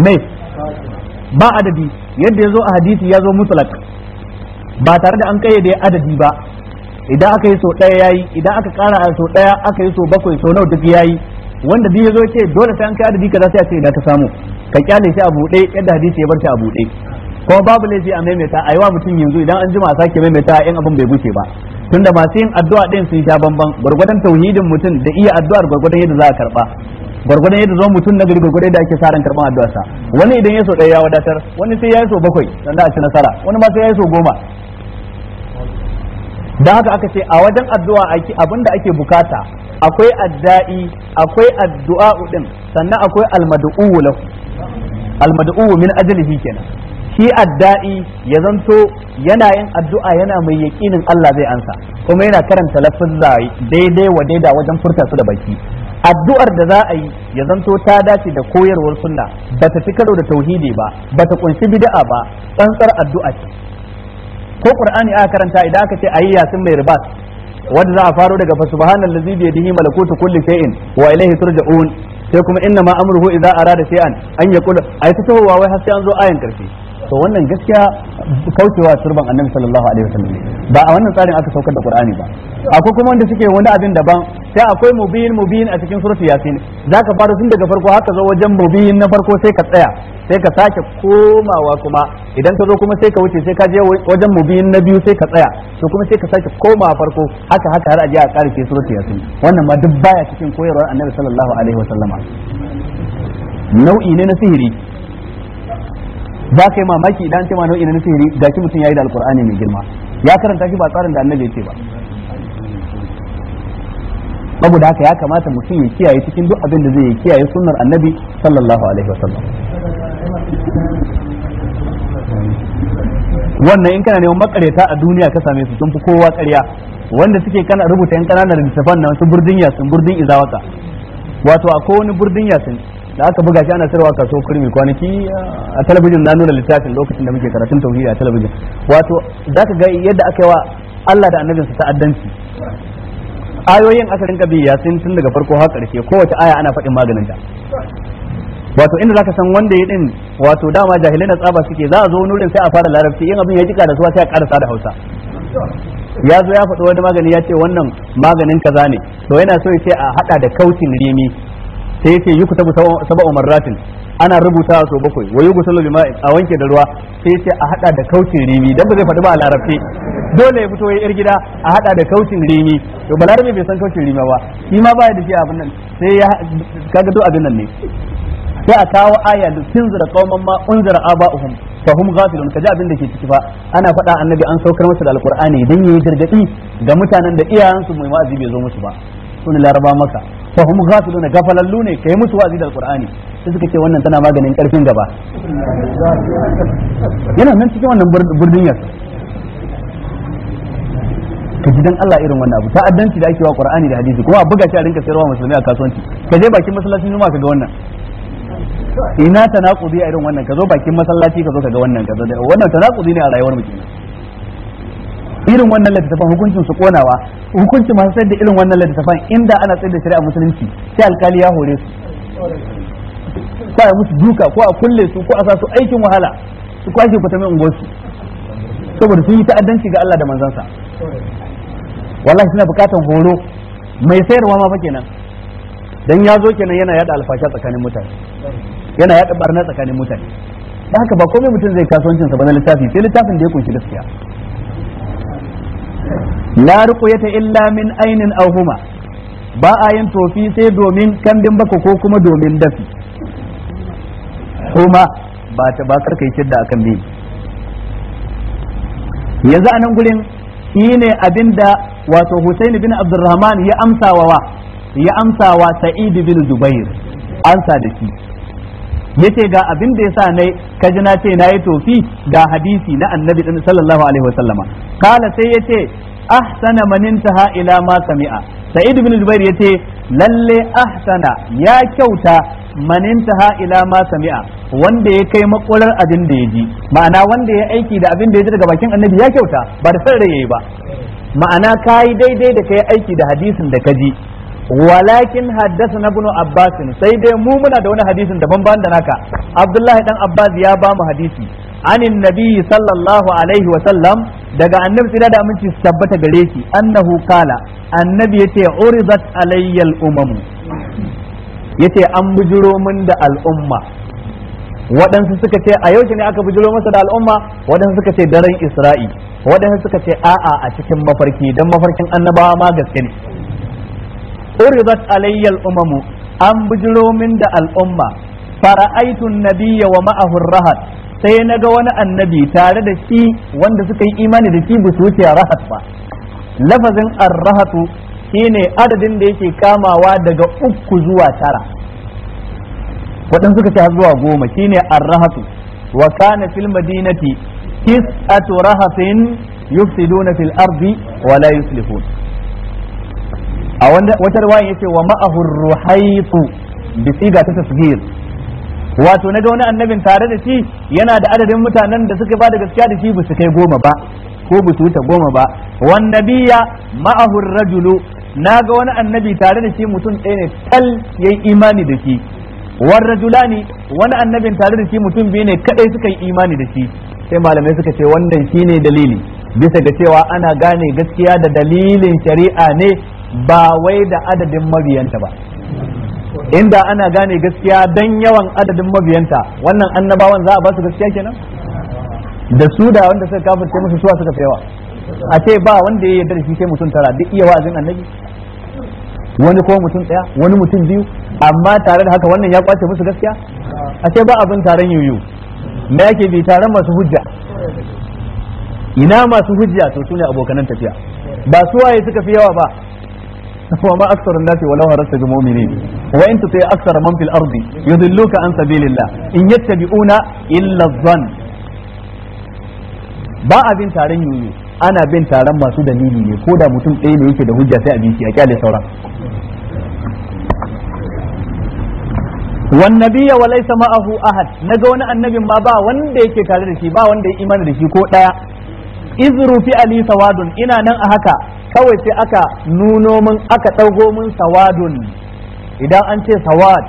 me ba adadi yadda ya zo a hadisi ya zo mutlak ba tare da an kai kayyade adadi ba idan aka yi so ɗaya yayi idan aka ƙara a so ɗaya aka yi so bakwai so nawa duk yayi wanda biyu ya zo ce dole sai an kai adadi kaza sai a ce idan ka samu ka kyale shi a buɗe yadda hadisi ya bar shi a buɗe kuma babu laifi a maimaita a yi wa mutum yanzu idan an jima a sake maimaita in abin bai gushe ba tunda masu yin addu'a din sun sha bamban gwargwadon tauhidin mutum da iya addu'ar gwargwadon yadda za a karba gwargwadon yadda zo mutum na gari gwargwadon yadda ake sa karban karɓar sa wani idan ya so ɗaya ya wadatar wani sai ya yi so bakwai dan a ci nasara wani ma sai ya yi so goma da haka aka ce a wajen addu'a abinda ake bukata akwai adda'i akwai addu'a din sannan akwai almadu'u lahu almadu'u min ajlihi kenan shi adda'i ya zanto yana yin addu'a yana mai yaƙinin Allah zai ansa kuma yana karanta lafizza daidai wa daida wajen furta su da baki addu'ar da za a yi ya zanto ta dace da koyarwar sunna ba ta fi karo da tauhidi ba ba ta kunshi bid'a ba tsantsar addu'a ce ko qur'ani aka karanta idan aka ce ayi yasin mai ribat wanda za a faro daga fa subhanallazi bi yadihi malakutu kulli shay'in wa ilayhi turja'un sai kuma inna ma amruhu idza arada shay'an an yaqul ai ta wai har sai an zo ayan karshe to wannan gaskiya kaucewa turban annabi sallallahu alaihi wasallam ba a wannan tsarin aka saukar da qur'ani ba akwai kuma wanda suke wani abin daban sai akwai mubin mubin a cikin suratul yasin zaka fara tun daga farko haka zo wajen mubin na farko sai ka tsaya sai ka sake komawa kuma idan ka zo kuma sai ka wuce sai ka je wajen mubin na biyu sai ka tsaya to kuma sai ka sake koma farko haka haka har a je a karfe suratul yasin wannan ma duk baya cikin koyarwar annabi sallallahu alaihi wasallama nau'i ne na sihiri za ka yi mamaki idan ce ma nau'i na sihiri gashi mutum ya yi da Alkur'ani mai girma ya karanta shi ba tsarin da annabi ce ba saboda haka ya kamata mutum ya kiyaye cikin duk abin da zai yi kiyaye sunnar annabi sallallahu alaihi wasallam wannan in kana neman makareta a duniya ka same su sun fi kowa ƙarya wanda suke kana rubuta yan kananan littafan nan su burdin yasin burdin izawaka wato akwai wani burdin yasin da aka buga shi ana sarwa kaso kurmi kwanaki a talabijin na nuna littafin lokacin da muke karatun tauhidi a talabijin wato zaka ga yadda aka yi wa Allah da annabinsa ta'addanci ayoyin aka rinka ya sun tun daga farko har karshe kowace aya ana faɗin maganin ta wato inda zaka san wanda ya din wato dama jahilai na tsaba suke za a zo nurin sai a fara larabci yin abin ya jika da suwa sai a karasa da Hausa ya zo ya faɗo wani magani ya ce wannan maganin kaza ne to yana so ya ce a haɗa da kautin rimi sai yace yuktabu sab'u marratin ana rubuta so bakwai wayu gusalu lima'in a wanke da ruwa sai yace a hada da kaucin rimi dan ba zai faɗi ba a larabci dole ya fito ya yar gida a hada da kaucin rimi to balarabe bai san kaucin rimi ba shi ma baya da shi abin nan sai ya kaga duk abin nan ne sai a kawo aya da tunzira qauman ma unzira aba'uhum fa hum ghafilun kaji abin da ke ciki fa ana faɗa annabi an saukar masa da alqur'ani dan yayi gargadi ga mutanen da iyayensu mai wa'azi bai zo musu ba sunan laraba maka fa hum ghafiluna gafalallu ne kai musu wazi da alqur'ani sai suka ce wannan tana maganin karfin gaba yana nan cikin wannan burdin ka ji dan Allah irin wannan abu ta'addanci da ake wa Qur'ani da hadisi kuma a buga shi a rinka sayarwa musulmi a kasuwanci ka je bakin masallacin juma'a ka ga wannan ina tanaqudi a irin wannan ka zo bakin masallaci ka zo ka ga wannan ka zo wannan tanaqudi ne a rayuwar mutum irin wannan littattafan hukuncin su konawa hukunci masu sayar da irin wannan littattafan inda ana sayar da shari'a musulunci sai alkali ya hore su ko a musu duka ko a kulle su ko a sa su aikin wahala su kwashe ku ta mai unguwarsu saboda sun yi ta'addanci ga Allah da manzansa wallahi suna bukatan horo mai sayarwa ma fa kenan dan ya zo kenan yana yada alfasha tsakanin mutane yana yada barna tsakanin mutane da haka ba komai mutum zai kasuwancinsa ba na littafi sai littafin da ya kunshi gaskiya la ruqyata illa min ainin aw huma ba a yin tofi sai domin kambin baka ko kuma domin dafi huma ba ta ba karkai shidda akan bi yanzu a nan gurin shine da wato Husaini bin Abdurrahman ya amsa wa ya amsa wa Sa'id bin Zubair amsa da shi yace ga abin da yasa nai kaji na ce nayi tofi ga hadisi na annabi din sallallahu alaihi wasallama kala sai yace ahsana man intaha ila ma sami'a sa'id ibn zubair yace lalle ahsana ya kyauta man intaha ila ma sami'a wanda ya kai makurar abin da ya ji ma'ana wanda ya aiki da abin da ya ji daga bakin annabi ya kyauta ba da sarrai yayi ba ma'ana kayi daidai da kai aiki da hadisin da ka ji walakin haddasa na bin abbas sai dai mu muna da wani hadisin daban ban da naka abdullahi dan abbas ya ba mu hadisi anin nabi sallallahu alaihi wa sallam daga annabi sai da aminci tabbata gare shi annahu kala annabi yace urizat alayyal umam yace an bujuro min da al'umma waɗansu suka ce a yau ne aka bujuro masa da al'umma waɗansu suka ce daren isra'i waɗansu suka ce a'a a cikin mafarki don mafarkin annabawa ma gaske ne uridat alayya al-umamu an bijiro min da al'umma fara'aitun nabiyya wa ma'ahu rahat sai na ga wani annabi tare da shi wanda suka yi imani da shi bisu wuce rahat ba lafazin ar-rahatu shine adadin da yake kamawa daga uku zuwa tara waɗansu suka ce zuwa goma shine ar-rahatu wa kana fil madinati tis'atu rahatin yufsiduna fil ardi wa la yuslihun a wata riwaya yace wa ma'ahu ruhaitu bi siga ta tasgir wato na ga wani annabin tare da shi yana da adadin mutanen da suka ba da gaskiya da shi ba su kai goma ba ko ba su wuce goma ba wan nabiya ma'ahu rajulu na ga wani annabi tare da shi mutum ɗaya ne tal yayi imani da shi war rajulani wani annabin tare da shi mutum biyu ne kadai suka yi imani da shi sai malamai suka ce wannan shine dalili bisa ga cewa ana gane gaskiya da dalilin shari'a ne ba wai da adadin mabiyanta ba inda ana gane gaskiya dan yawan adadin mabiyanta wannan annabawan za a ba su gaskiya kenan da su da wanda suka kafirce musu suwa suka yawa a ce ba wanda ya yarda da shi sai mutum tara duk iya wa'azin annabi wani ko mutum daya wani mutum biyu amma tare da haka wannan ya kwace musu gaskiya a ce ba abin taron yuyu. me yake bi taron masu hujja ina masu hujja to sune abokanan tafiya ba su waye suka fi yawa ba وما أكثر الناس ولو هرست بمؤمنين وإن تطيع أكثر من في الأرض يضلوك عن سبيل الله إن يتبعون إلا الظن ba abin taron yoyo ana bin taron masu dalili ne ko da mutum ɗaya ne yake da hujja sai abin shi a kyale sauran wan nabiyya wa laysa ma'ahu ahad naga wani annabin ma ba wanda yake tare da shi ba wanda ya imani da shi ko ɗaya. izru fi ali sawadun ina nan a haka kawai sai aka nuno mun aka ɗago mun sawadun idan an ce sawad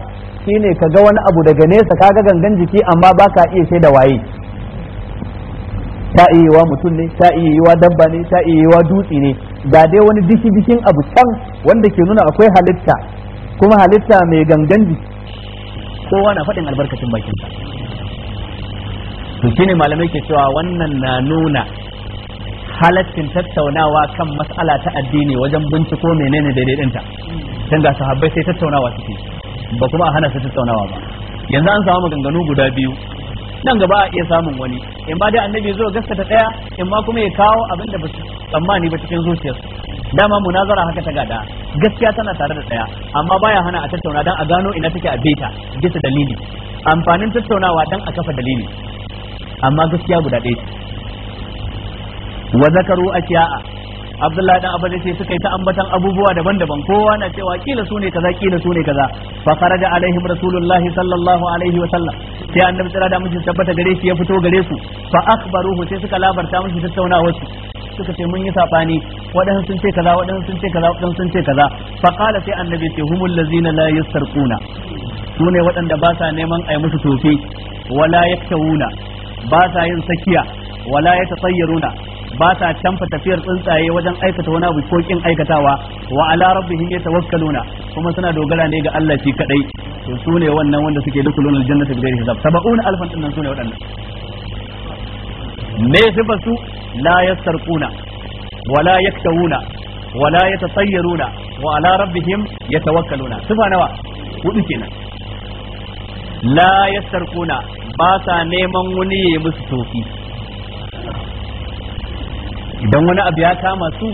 shine ka ga wani abu daga nesa kaga gangan jiki amma baka iya shaida waye ta iya yiwa mutum ne ta iya yiwa dabba ne ta iya yiwa dutse ne ga dai wani dishi dishin abu can wanda ke nuna akwai halitta kuma halitta mai gangan jiki kowa na faɗin albarkacin bakinsa to shine malamai ke cewa wannan na nuna halaccin tattaunawa kan mas'ala ta addini wajen binciko menene daidai dinta dan ga sahabbai sai tattaunawa suke ba kuma a hana su tattaunawa ba yanzu an samu maganganu guda biyu nan gaba a iya samun wani in ba dai annabi zo gaskata daya in ma kuma ya kawo abin da ba su tsammani ba cikin zuciyarsu dama munazara haka ta gada gaskiya tana tare da daya amma baya hana a tattauna dan a gano ina take a beta bisa dalili amfanin tattaunawa dan a kafa dalili amma gaskiya guda ɗaya wa zakaru ashiya'a abdullahi dan abba sai suka yi ta ambatan abubuwa daban-daban kowa na cewa kila su ne kaza kila su ne kaza fa faraja alaihim rasulullahi sallallahu alaihi wa sallam sai annabi tsira da mutum tabbata gare shi ya fito gare su fa akhbaruhu sai suka labarta mushi tattaunawar su suka ce mun yi sabani wadansu sun ce kaza wadansu sun ce kaza wadansu sun ce kaza fa qala sai annabi ce humul ladzina la yastarquna su ne waɗanda ba sa neman a yi musu tofi wala yaktawuna ba sa yin sakiya wala yatasayyaruna ba sa canfa tafiyar tsuntsaye wajen aikata wani abu ko kin aikatawa wa ala rabbihim yatawakkaluna kuma suna dogara ne ga Allah shi kadai to sune wannan wanda suke dukulun aljannata bi ghairi hisab 70 alfan din nan sune waɗannan me sifar su la yasarquna wala yaktawuna wala yatatayyaruna wa ala rabbihim yatawakkaluna sifa nawa hudu kenan la yasarquna ba sa neman wani ya musu tofi idan wani abu ya kama su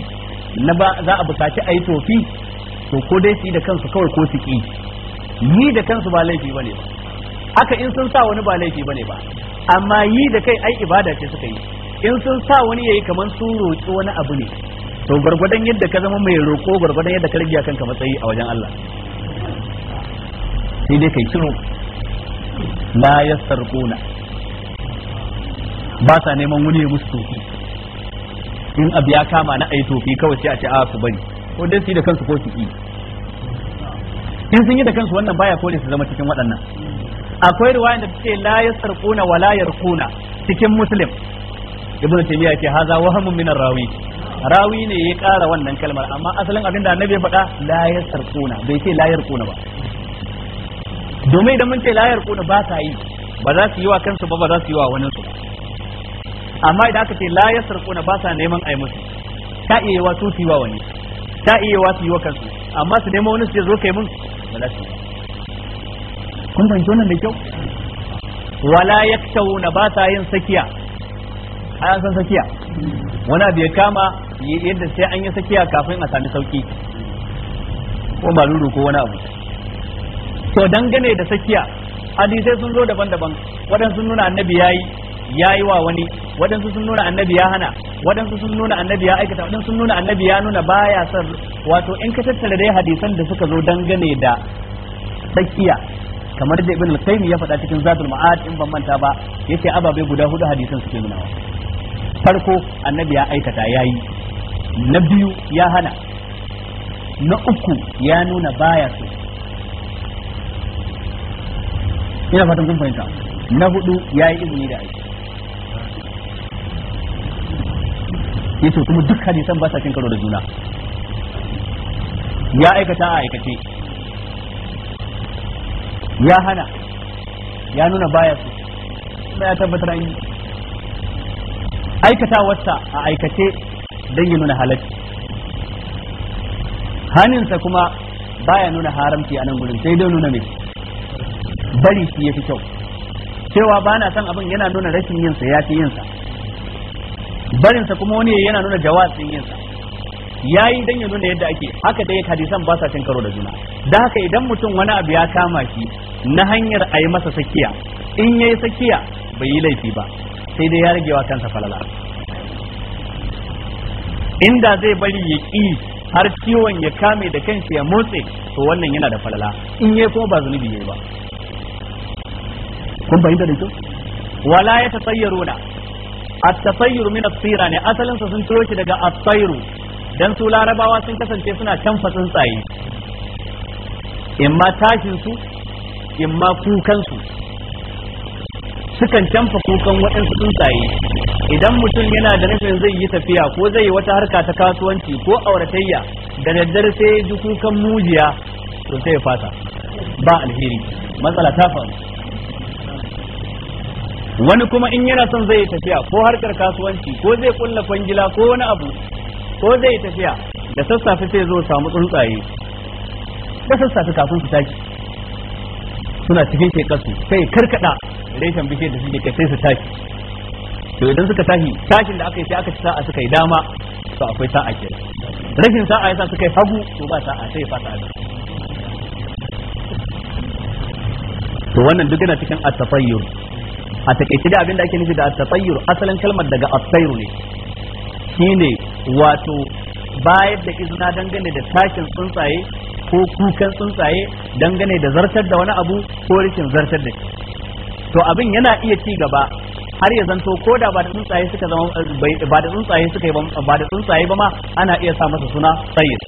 na ba za a bukaci a yi tofi to ko dai su yi da kansu kawai ko su ki yi da kansu ba laifi ba ne ba haka in sun sa wani ba laifi ba ne ba amma yi da kai ai ibada ce suka yi in sun sa wani yi kamar sun roƙi wani abu ne to gwargwadon yadda ka zama mai roƙo gwargwadon yadda ka rage kanka matsayi a wajen Allah sai dai kai shiru la yasarquna ba sa neman wani ya musu tofi in abu ya kama na aito fi kawai sai a ce a su bari ko dai su yi da kansu ko su yi in sun yi da kansu wannan baya kore su zama cikin waɗannan akwai riwaya da suke la sarkuna wa la rukuna cikin muslim ibn taymiya ce haza wahamun min rawi rawi ne ya ƙara wannan kalmar amma asalin abin da annabi ya faɗa la sarkuna bai ce la rukuna ba domin idan mun ce la rukuna ba sa yi ba za su yi wa kansu ba ba za su yi wa wani su amma idan aka ce la yasrquna ba sa neman yi musu ta iya yawa su fi wani ta iya yawa su yi wa kansu amma su nema wani su zo kai mun ba za su kun fahimci wannan da kyau wala na ba sa yin sakiya an san sakiya wani abu ya kama yadda sai an yi sakiya kafin a sami sauki ko maluru ko wani abu to dangane da sakiya hadisai sun zo daban-daban waɗansu nuna annabi ya yi. ya yi wa wani waɗansu sun nuna annabi ya hana waɗansu sun nuna annabi ya aikata waɗansu sun nuna annabi ya nuna baya son wato in ka tattara dai hadisan da suka zo dangane da tsakiya kamar da ibn al-qayyim ya faɗa cikin zadul ma'ad in ban manta ba yace ababe guda hudu hadisan suke nuna farko annabi ya aikata yayi na biyu ya hana na uku ya nuna baya so ina fatan kun fahimta na hudu ya yi izini da aiki yace kuma duk hadisan ba sa cin karo da juna ya aikata a aikace ya hana ya nuna baya su kuma ya tabbatar an aikata aikatawarsa a aikace don ya nuna halacci haninsa kuma baya nuna haramci a nan gudun sai dai nuna mai bari shi ya fi kyau cewa ba na san abin yana nuna rashin yinsa ya fi yinsa barinsa kuma wani yana nuna jawazin yin sa yayi dan ya nuna yadda ake haka dai hadisan ba sa cin karo da juna da haka idan mutum wani abu ya kama shi na hanyar a yi masa sakiya in yayi sakiya bai yi laifi ba sai dai ya rage wa kansa falala inda zai bari ya ƙi har ciwon ya kame da kansa ya motsi to wannan yana da falala in yayi kuma ba zunubi yayi ba kun fahimta da kyau wala ya tsayyaruna at-tasayyur min as-sira ne asalin sa sun ciro shi daga as-sayru dan su larabawa sun kasance suna canfa tsuntsaye imma tashin su imma kukan su sukan canfa kukan waɗansu tsuntsaye idan mutum yana da nufin zai yi tafiya ko zai yi wata harka ta kasuwanci ko auratayya da daddare sai ya ji kukan mujiya to sai ya fata ba alheri matsala ta faru wani kuma in yana son zai tafiya ko harkar kasuwanci ko zai kulla kwangila ko wani abu ko zai tafiya da sassafe sai zo samu tsuntsaye da sassafe kafin su tashi suna cikin shekarsu sai karkada reshen bishiyar da suke kai sai su tashi to idan suka tashi tashin da aka yi sai aka ci sa'a suka yi dama to akwai sa'a ke rashin sa'a yasa suka yi hagu to ba sa'a sai fata da to wannan duk yana cikin at-tafayyur a takaice da abin da ake nufi da at-tatayyur asalin kalmar daga at shi ne shine wato bayar da izina dangane da tashin tsuntsaye ko kukan tsuntsaye dangane da zartar da wani abu ko rikin zartar da shi to abin yana iya ci gaba har ya zanto ko da ba da tsuntsaye suka zama ba da tsuntsaye suka yi ba da tsuntsaye ba ma ana iya sa masa suna tsayin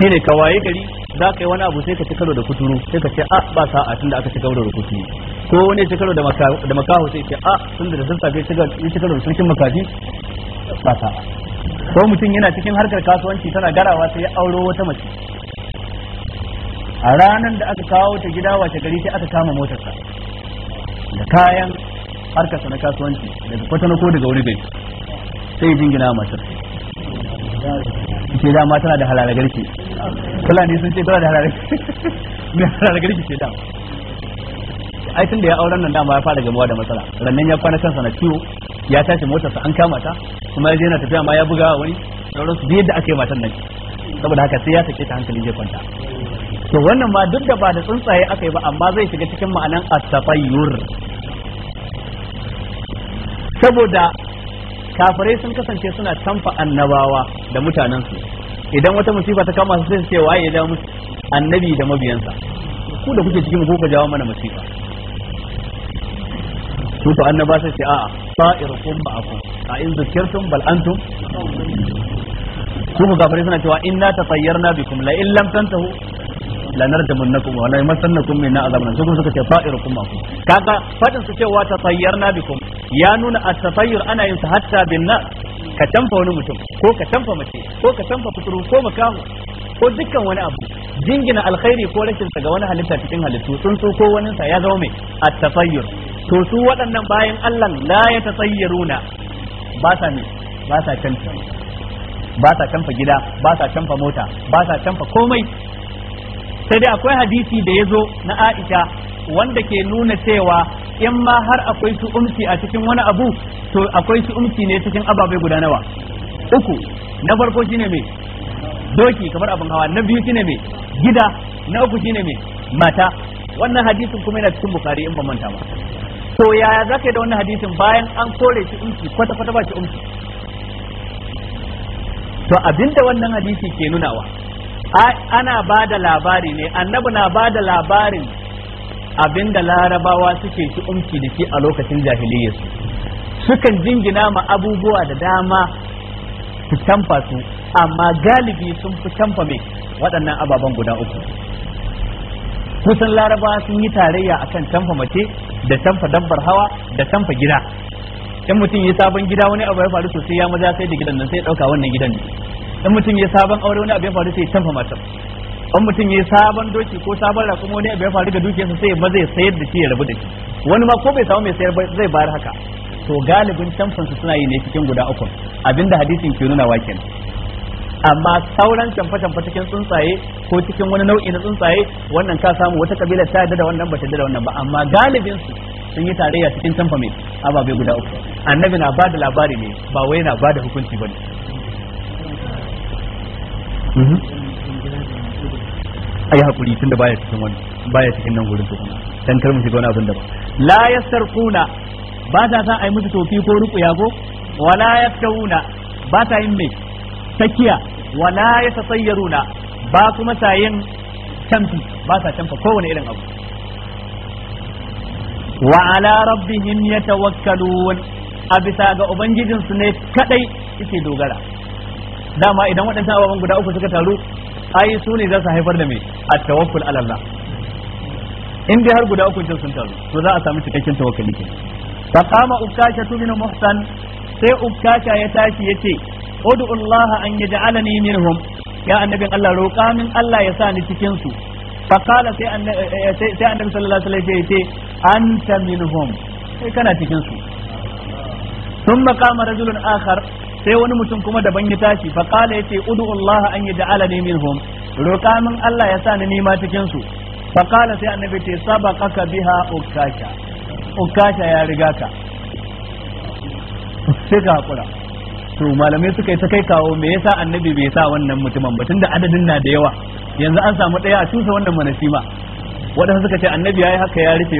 sai ne ka gari za ka yi wani abu sai ka ci karo da kuturu sai ka ce a ah, ba sa'a da aka ci karo da kuturu ko wani shekaru da makaho sai ce a ah, sun da sun safe ya da sarkin makafi ba ta ko mutum yana cikin harkar kasuwanci tana garawa sai ya auro wata mace a ranar da aka kawo ta gida wace gari sai aka kama motarsa da kayan harkarsa na kasuwanci daga kwatano ko daga wani bai sai jingina masu ce dama tana da halalar garki fulani sun ce tana da halalar halalar garki ce dama ai tun da ya auren nan dama ya fara gamuwa da matsala rannan ya kwana kansa na ciwo ya tashi motarsa an kama ta kuma ya je yana tafiya ma ya buga wani sauran su yadda aka yi matan nan saboda haka sai ya sake ta hankali zai kwanta to wannan ma duk da ba da tsuntsaye aka yi ba amma zai shiga cikin ma'anan at saboda kafirai sun kasance suna tamfa annabawa da mutanensu idan wata musifa ta kama su sai su ce waye ya musu annabi da mabiyansa ku da kuke cikin ku ka jawo mana musifa su to annaba sai ce a'a sa'irukum ma'akum a in zikirtum bal antum su ku kafirai suna cewa inna tatayyarna bikum la in lam tantahu la narjamunnakum wa la yamassannakum minna azabun su kuma suka ce sa'irukum ma'akum kaga fadin su cewa tatayyarna bikum ya nuna at-tatayyur ana yin sa hatta bin nas ka tamfa wani mutum ko ka tamfa mace ko ka tamfa kuturu ko makamu ko dukkan wani abu jingina alkhairi ko rashin sa ga wani halitta cikin halittu sun so ko wani sa ya zama mai at-tafayyur to su waɗannan bayan Allah la ya tsayyaruna ba sa ne ba sa canfa ba sa canfa gida ba sa canfa mota ba sa canfa komai sai dai akwai hadisi da ya zo na Aisha wanda ke nuna cewa in ma har akwai su umci a cikin wani abu to akwai su umci ne cikin ababai guda nawa uku na farko shine me doki kamar abin hawa na biyu shine me gida na uku shine me mata wannan hadisin kuma yana cikin bukari in ban manta ba to yaya za ka yi da wannan hadisin bayan an kore shi umki kwata-kwata ba shi umki to abinda wannan hadisi ke nunawa ana ba da labari ne annabi na bada labarin abinda larabawa suke shi umki da shi a lokacin su sukan jingina ma abubuwa da dama su tamfa su amma galibi sun fi tamfa mai waɗannan ababen guda uku kusan larabawa sun yi tarayya akan tamfa mace da canfa dabbar hawa da canfa gida in mutum ya sabon gida wani abu ya faru sosai ya maza sai da gidan nan sai ya dauka wannan gidan ne in mutum ya sabon aure wani abu ya faru sai ya canfa matar in mutum ya sabon doki ko sabon rakuma wani abu ya faru ga dukiyarsa sai ya maza ya sayar da shi ya rabu da shi wani ma ko bai samu mai sayar zai bayar haka to galibin canfansu suna yi ne cikin guda uku abinda hadisin ke nuna wa kenan amma sauran canfa-canfa cikin tsuntsaye ko cikin wani nau'i na tsuntsaye wannan ka samu wata kabila ta yadda da wannan ba ta yadda da wannan ba amma galibin su sun yi tarayya cikin canfa mai ababe guda uku annabi na bada labari ne ba wai na bada hukunci ba ne mhm. a yi haƙuri tun da baya cikin wani baya cikin nan gurin tukuna dan kar mu shiga wani abin da ba la yasarquna ba ta san ai musu tofi ko ruku yago wala yaftawuna ba ta yin mai tsakiya wala ya yatasayyaruna ba kuma sayin canfi ba sa canfa kowane irin abu wa ala rabbihim yatawakkalun a bisa ga ubangijinsu ne kadai suke dogara dama idan waɗannan ababen guda uku suka taru ai su ne za su haifar da mai a tawakkul ala in dai har guda uku sun taru to za a samu cikakken tawakkali ke fa qama ukasha bin muhsan sai ukasha ya tashi yace ud'u الله an يجعلني منهم ya annabin Allah roƙa min Allah ya sa ni cikin su fa qala eh, eh, sai annabi sallallahu alaihi wasallam ce anta minhum sai kana cikin su thumma qama rajulun akhar sai wani mutum kuma daban ya tashi fa qala yace ud'u Allah an yaj'alani minhum roƙa min Allah ya sa ni ma cikin su fa qala sai annabi ce sabaqaka biha ukasha ukasha ya riga ka sai ga hakura to malamai suka yi ta kai kawo me yasa annabi bai sa wannan mutumin ba tunda adadin na da yawa yanzu an samu daya a tusa wannan manasima wadanda suka ce annabi yayi haka ya rufe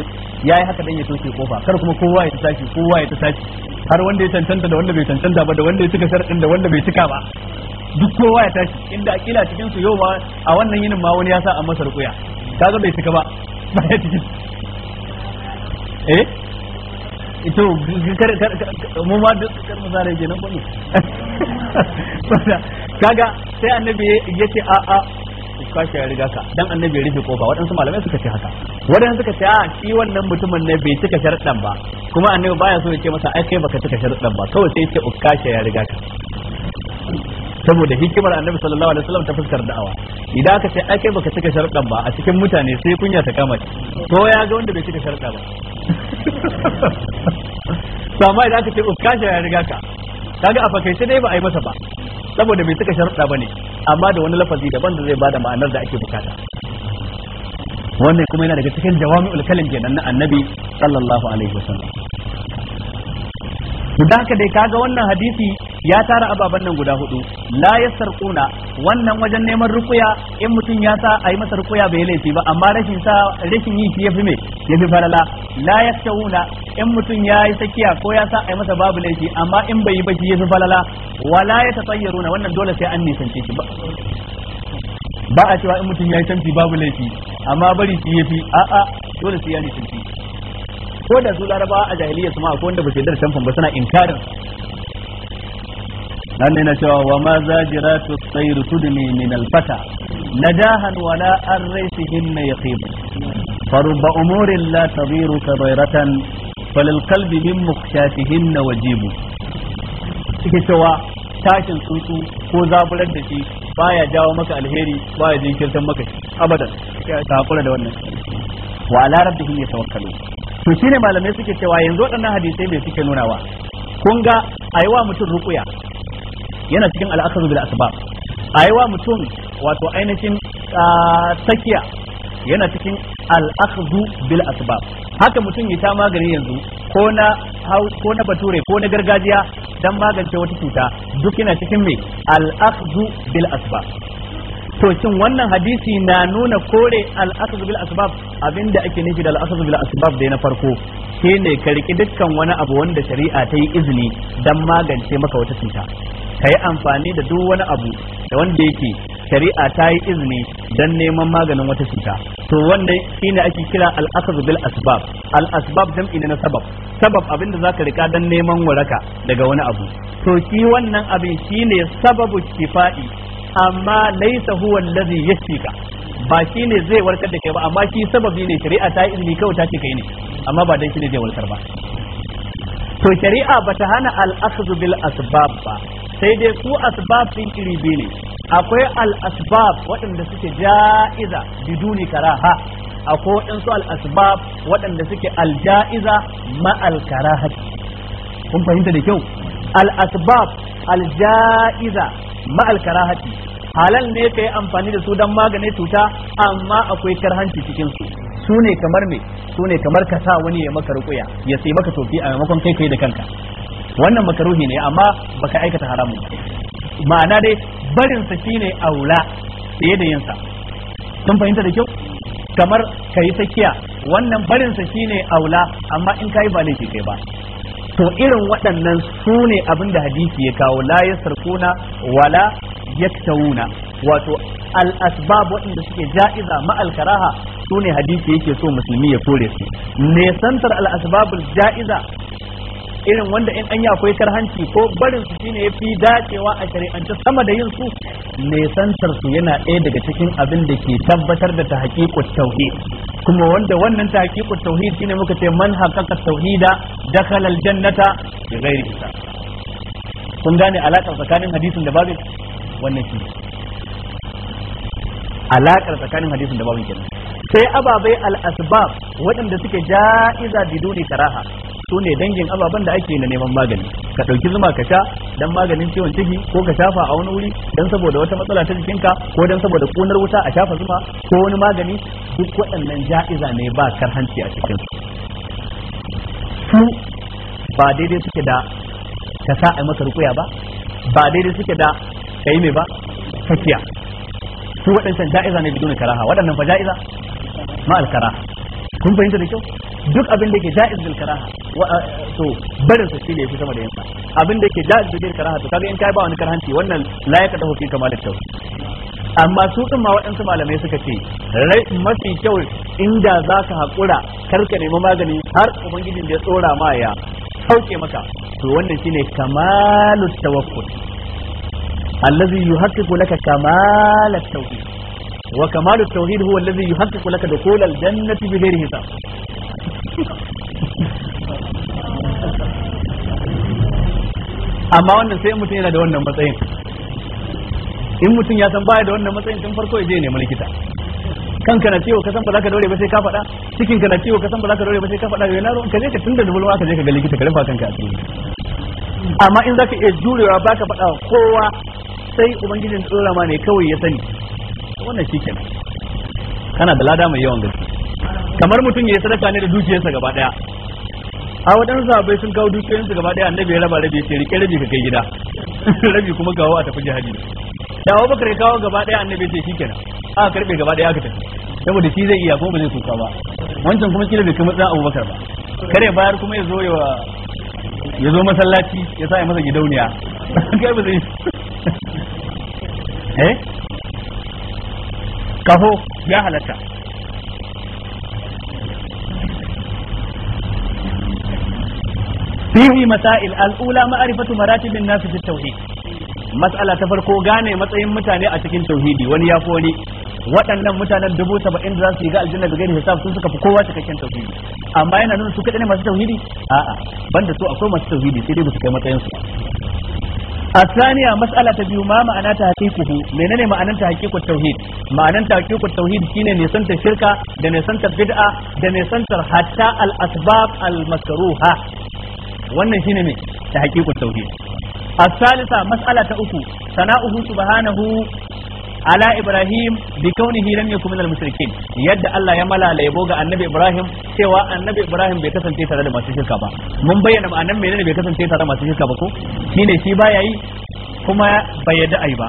yayi haka dan ya toshe kofa kar kuma kowa ya tashi kowa ya tashi har wanda ya cancanta da wanda bai cancanta ba da wanda ya cika sharadin da wanda bai cika ba duk kowa ya tashi inda akila cikin su yau ma a wannan yinin ma wani ya sa a masa rukuya kaga bai cika ba ba ya cikin eh ito mu ma duk kar mu zare kenan ko kaga sai annabi yace a a kashi ya riga ka dan annabi ya rufe ba waɗansu malamai suka ce haka waɗansu suka ce a shi wannan mutumin ne bai cika sharɗan ba kuma annabi baya so ya ce masa ai kai baka cika sharɗan ba kawai sai ya ce ukkasha ya riga ka saboda hikimar annabi sallallahu alaihi wasallam ta fuskar da'awa idan aka ce ai kai baka cika sharɗan ba a cikin mutane sai kunya ta kama ko ya ga wanda bai cika sharɗa ba to amma idan aka ce uskasha ya riga ka kaga a fakaice dai ba a yi masa ba saboda bai suka sharuɗa ne amma da wani lafazi daban da zai bada ma'anar da ake bukata wannan kuma yana daga cikin jawami'ul kalim kenan na annabi sallallahu alaihi wasallam to da haka dai kaga wannan hadisi ya tara ababen nan guda hudu la yasarquna wannan wajen neman rukuya in mutum ya sa ayi masa rukuya bai laifi ba amma rashin sa rashin yi shi fi me yafi falala la yastauna in mutum ya yi sakiya ko ya sa ayi masa babu laifi amma in bai yi ba shi yafi falala wala yatatayyaruna wannan dole sai an nisance shi ba ba a cewa in mutum ya yi tanti babu laifi amma bari shi yafi a'a dole sai ya nisanci ko da su laraba a jahiliya su ma akwai wanda ba su yarda da tanfan ba suna inkarin Allah yana cewa wa ma zajiratu sayr ne min al-fata nadahan wala an فرب أمور لا تضير كضيرة فللقلب من مخشاتهن وجيب suke cewa tashin tsuntsu ko zaburar da shi baya jawo maka alheri baya jinkirtan maka abadan takura da wannan wa to shine malamai suke cewa yanzu waɗannan hadisai mai suke nunawa kun ga ayi wa mutum rukuya yana cikin al'akazu bil asbab ayiwa mutum wato ainihin sakiya yana cikin al'akhdhu bil asbab haka mutum ya ta magani yanzu ko na bature ko na gargajiya don magance wata cuta duk yana cikin me al'akhdhu bil asbab to shin wannan hadisi na nuna kore al'akhdhu bil asbab abinda ake nufi da al'akhdhu bil asbab da na farko shine ka riki dukkan wani abu wanda shari'a ta yi izini dan magance maka wata cuta ka yi amfani da duk wani abu da wanda yake shari'a ta yi izini don neman maganin wata cuta to wanda shine ake kira al'asar bil asbab alasbab asbab jam'i na sabab sabab abin da ka rika don neman waraka daga wani abu to shi wannan abin shi ne sababu shifa'i amma laisa huwa allazi yashfika ba shi ne zai warkar da kai ba amma shi sababi ne shari'a ta yi izini kawai ta ce kai ne amma ba dan shi ne zai warkar ba to shari'a ba ta hana al bil asbab ba sai dai su asbab sun iri biyu ne akwai al-asbab waɗanda suke ja'iza biduni karaha akwai waɗansu al-asbab waɗanda suke al-ja'iza ma al-karaha kun fahimta da kyau al-asbab al-ja'iza ma al-karaha halal ne kai amfani da su don magane cuta amma akwai karhanci cikin su su ne kamar me su ne kamar ka sa wani ya maka rukuya ya sai maka tofi a maimakon kai kai da kanka wannan makaruhi ne amma baka aikata haramun ma'ana dai barin sa shine aula fiye da yinsa sa kun fahimta da kyau kamar yi sakiya wannan barin sa shine aula amma in kai ba ne kai ba to irin waɗannan su ne abin da hadisi ya kawo la sarkuna wala yaktawuna wato al waɗanda suke ja'iza ma al-karaha su ne hadisi yake so musulmi ya kore su ne santar ja'iza irin wanda in an yi akwai karhanci ko barin su shine yafi dacewa a shari'ance sama da yin su nesantar su yana ɗaya daga cikin abin da ke tabbatar da tahqiqut tauhid kuma wanda wannan tahqiqut tauhid shine muka ce man haqqaqa tauhida dakhala aljannata bi ghairi hisab kun gane alaƙar tsakanin hadisin da babin wannan shi alaƙar tsakanin hadisin da babin kenan sai ababai al-asbab waɗanda suke ja'iza biduni karaha su ne dangin ababen da ake na neman magani ka ɗauki zuma ka sha dan maganin ciwon ciki ko ka shafa a wani wuri dan saboda wata matsala ta jikinka ko dan saboda kunar wuta a shafa zuma ko wani magani duk waɗannan ja'iza ne ba karhanci a cikin su ba daidai suke da ka sa a maka rukuya ba ba daidai suke da kai mai ba sakiya su waɗannan ja'iza ne bidon karaha waɗannan fa ja'iza ma al kun fahimta da kyau duk abin da ke ja'iz bil karaha to barin sa shine yafi sama da yansa abin da ke ja'iz bil karaha to kaga in kai ba wani karhanci wannan layaka ya kada hukunci kamar da kyau amma su din ma waɗansu malamai suka ce rai mafi kyau inda za ka haƙura karka nemi magani har ubangijin da ya tsora ma ya sauke maka to wannan shine kamalut tawakkul allazi yuhaqqiqu laka kamalat tawhid wa kamalu tauhid huwa alladhi yuhaqqiqu laka dukhul al-jannati bi ghairi hisab amma wannan sai mutum yana da wannan matsayin in mutum ya san baya da wannan matsayin tun farko ya je ne likita kanka na ciwo ka san ba za ka daure ba sai ka faɗa cikin ka na ciwo ka san ba za ka daure ba sai ka faɗa yana ka je ka tunda da dubulwa ka je ka ga likita ka rufa kanka a cikin amma in za ka iya jurewa ba ka faɗa kowa sai ubangijin tsora ma ne kawai ya sani wannan shi kenan kana da lada mai yawan gaske kamar mutum ya yi sadaka ne da dukiyarsa gaba daya a waɗansu abai sun kawo dukiyarsa gaba daya annabi ya raba rabi ya ce rike rabi ka kai gida rabi kuma kawo a tafi jihadi da wa Bakar kawo gaba daya annabi ce kenan aka karbe gaba daya aka tafi saboda shi zai iya kuma ba zai kuka ba wancan kuma kila bai kuma Abu Bakar ba kare bayar kuma ya zo ya zo masallaci ya sa ya masa gidauniya kai ba zai eh kaho ya halatta fihi masail al'ula ma'arifatu maratibin nasu fi tauhid mas'ala ta farko gane matsayin mutane a cikin tauhidi wani ya wani waɗannan mutanen dubu saba'in da za su yi ga aljanna da gairi hisab sun suka fi kowa cikakken tauhidi amma yana nuna su kaɗai ne masu tauhidi a'a banda su akwai masu tauhidi sai dai ba su kai matsayin su الثانية مسألة تبيو ما معنى تحقيقه منين معنى تحقيق التوحيد معنى تحقيق التوحيد كين نسنت الشركة دا نسنت البدعة دا نسنت حتى الأسباب المكروهة wannan shine من تحقيق التوحيد الثالثة مسألة أكو سناؤه سبحانه ala ibrahim bi kaunihi lam yakun minal mushrikin yadda Allah ya mala laibo ga annabi ibrahim cewa annabi ibrahim bai kasance tare da masu shirka ba mun bayyana ma'anar menene bai kasance tare da masu shirka ba ko shine shi baya yi kuma bai yadda ai ba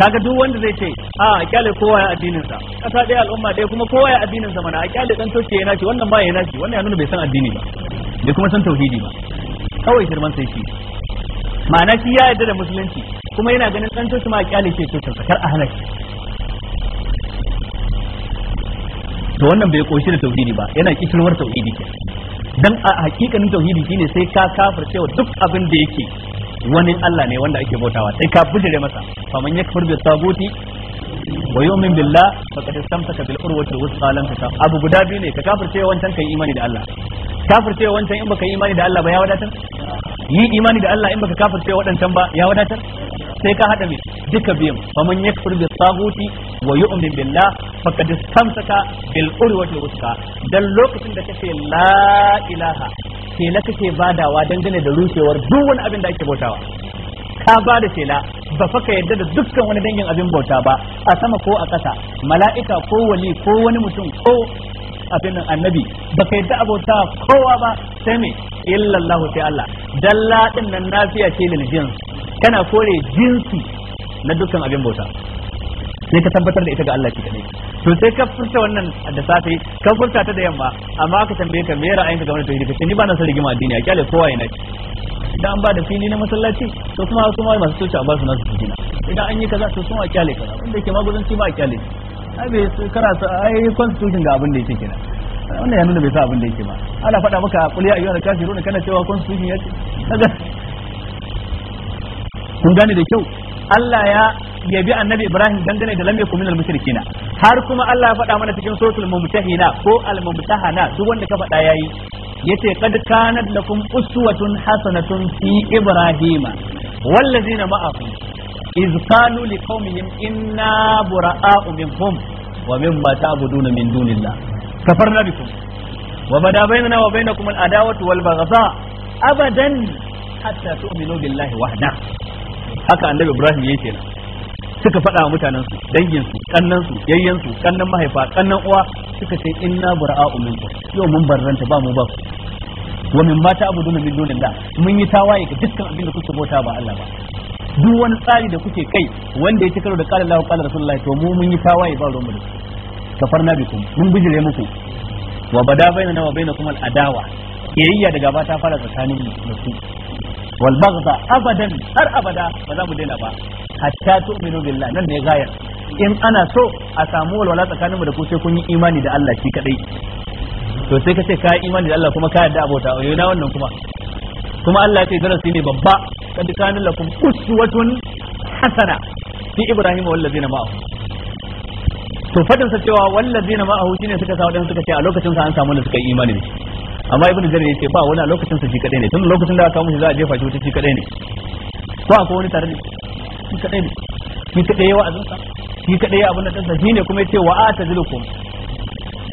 kaga duk wanda zai ce a kyale kowa ya addinin sa kasa ɗaya al'umma ɗaya kuma kowa ya addinin sa mana a kyale dan toshe yana ci wannan ba yana ci wannan ya nuna bai san addini ba bai kuma san tauhidi ba kawai shirman sai shi ma'ana shi ya yarda da musulunci kuma yana ganin ɗan coci ma a kyale shi cocin a hana shi to wannan bai koshi da tauhidi ba yana kishirwar tauhidi ke dan a hakikanin tauhidi shine sai ka kafir cewa duk abin da yake wani Allah ne wanda ake bautawa sai ka bujire masa faman yakfur bi taguti wa yu'min billah faqad istamsaka bil urwati al-wuthqa lam ta abu guda biyu ne ka kafirce wancan kai imani da Allah kafirce wancan in baka imani da Allah ba ya wadatar yi imani da Allah in baka kafirce wadancan ba ya wadatar sai ka hada mai duka biyan faman yakfur bi tsaguti wa yu'min billah faqad istamsaka bil urwati al-wuthqa dan lokacin da kace la ilaha ke la kake badawa dangane da rushewar duk wani abin da ake bautawa ka ba da shela ba fa ka yarda da dukkan wani dangin abin bauta ba a sama ko a ƙasa mala'ika ko wali ko wani mutum ko abin annabi ba ka yarda abota kowa ba sai me illallahu sai Allah dalla din nan nafiya ce lil jin kana kore jinsi na dukkan abin bauta sai ka tabbatar da ita ga Allah shi kadai to sai ka furta wannan da safe ka furta ta da yamma amma ka tambaye ka me ra'ayinka game da tauhidi kace ni ba na san rigima addini a kyale kowa yana idan an ba da fili na masallaci to kuma su ma masu coci a ba su nasu gina idan an yi kaza to sun a kyale kaza wanda yake magudanci ba a kyale su kara su ai constitution ga abin da yake kenan wannan ya nuna bai sa abin da yake ba ana faɗa maka a ya ayyuhal kafirun kana cewa constitution yace kaga kun gane da kyau Allah ya yabi annabi Ibrahim dangane da lam yakun mushrikina har kuma Allah ya faɗa mana cikin suratul mumtahina ko al mumtahana duk wanda ka faɗa yayi yace qad kanat lakum uswatun hasanatun fi ibrahima wallazina ma'ahu iz qalu liqaumihim inna bura'a'u minkum wa mimma ta'buduna min dunillah kafarna bikum wa bada bainana wa bainakum al adawatu wal baghdha abadan hatta tu'minu billahi wahda haka annabi ibrahim yake na suka faɗa wa mutanen su dangin su kannan su yayyen su kannan mahaifa kannan uwa suka ce inna bara'u minkum yau mun barranta ba mu ba ku wa min mata abuduna min da mun yi tawaye ga dukkan abin da kuke bauta ba Allah ba duk wani tsari da kuke kai wanda ya ci karo da qala Allah qala Rasulullah to mu mun yi tawaye ba ruwan mu da kafarna bikum mun bijire muku wa bada bainana wa bainakum al adawa kiyayya da gaba ta fara tsakanin mu da wal baghdha abadan har abada ba za mu daina ba hatta tu'minu billah nan ne gayar in ana so a samu walwala tsakanin mu da ku kun yi imani da Allah shi kadai to sai ka ce ka yi imani da Allah kuma ka yarda abota oyo na wannan kuma kuma Allah ya ce darasi ne babba kad kana lakum uswatun hasana fi ibrahim wal ladina ma'ahu to fadin sa cewa wal a ma'ahu shine suka sa wadanda suka ce a lokacin sa an samu da suka yi imani amma ibnu jarir yace ba wani a lokacin sa shi kadai ne tun lokacin da aka kawo shi za a jefa shi wuta shi kadai ne ko akwai wani tare ne shi kadai ne shi kadai ya a sa shi kadai abin da kansa shine kuma yace wa atazilukum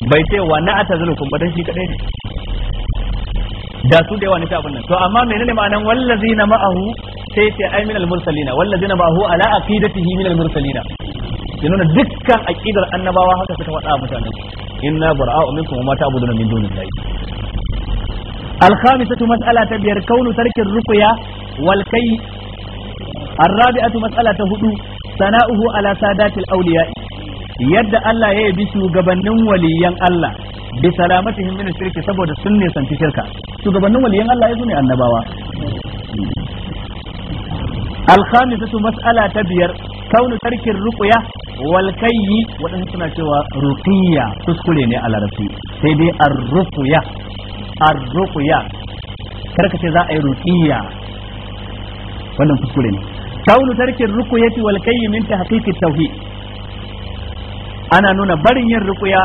bai ce wa na atazilukum ba dan shi kadai ne da su da yawa ne ta abin nan to amma menene ma'anan wallazina ma'ahu sai ce ai minal mursalina wallazina ba hu ala aqidatihi minal mursalina ya nuna dukkan aqidar annabawa haka suka faɗa a mutanen inna bara'u minkum wa ma ta'buduna min dunillahi الخامسة مسألة بير كون ترك الرقية والكي الرابعة مسألة هدو ثناؤه على سادات الأولياء يد الله يبسو قبن وليا الله بسلامتهم من الشرك سبب السنة سنتي شركة سو قبن وليا الله يزني النباوة الخامسة مسألة تبير كون ترك الرقية والكي وإن سنة رقية تسكليني على رفي سيدي الرقية الرقية ترك شزاء رقية wannan تسكليني كون ترك الرقية والكي من تحقيق min أنا tauhid ana الرقية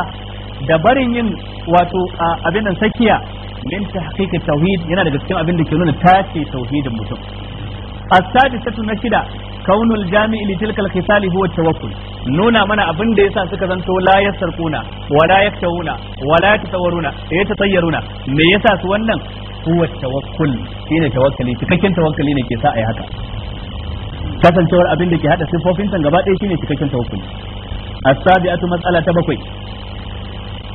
da barin yin wato abin nan sakiya min tahqiqi tauhid yana daga cikin abin da ke nuna tace tauhidin mutum as-sadisatu na shida kaunul jami'i li tilkal khisali huwa tawakkul nuna mana abin da yasa suka zanto la yasarquna wa la yaktawuna wa la yatatawaruna eh, yatatayyaruna me yasa su wannan huwa tawakkul shine tawakkali cikakken tawakkali ne ke sa ai haka kasancewar abin da ke hada sifofin san gaba ɗaya shine cikakken tawakkuli as-sabi'atu mas'ala ta bakwai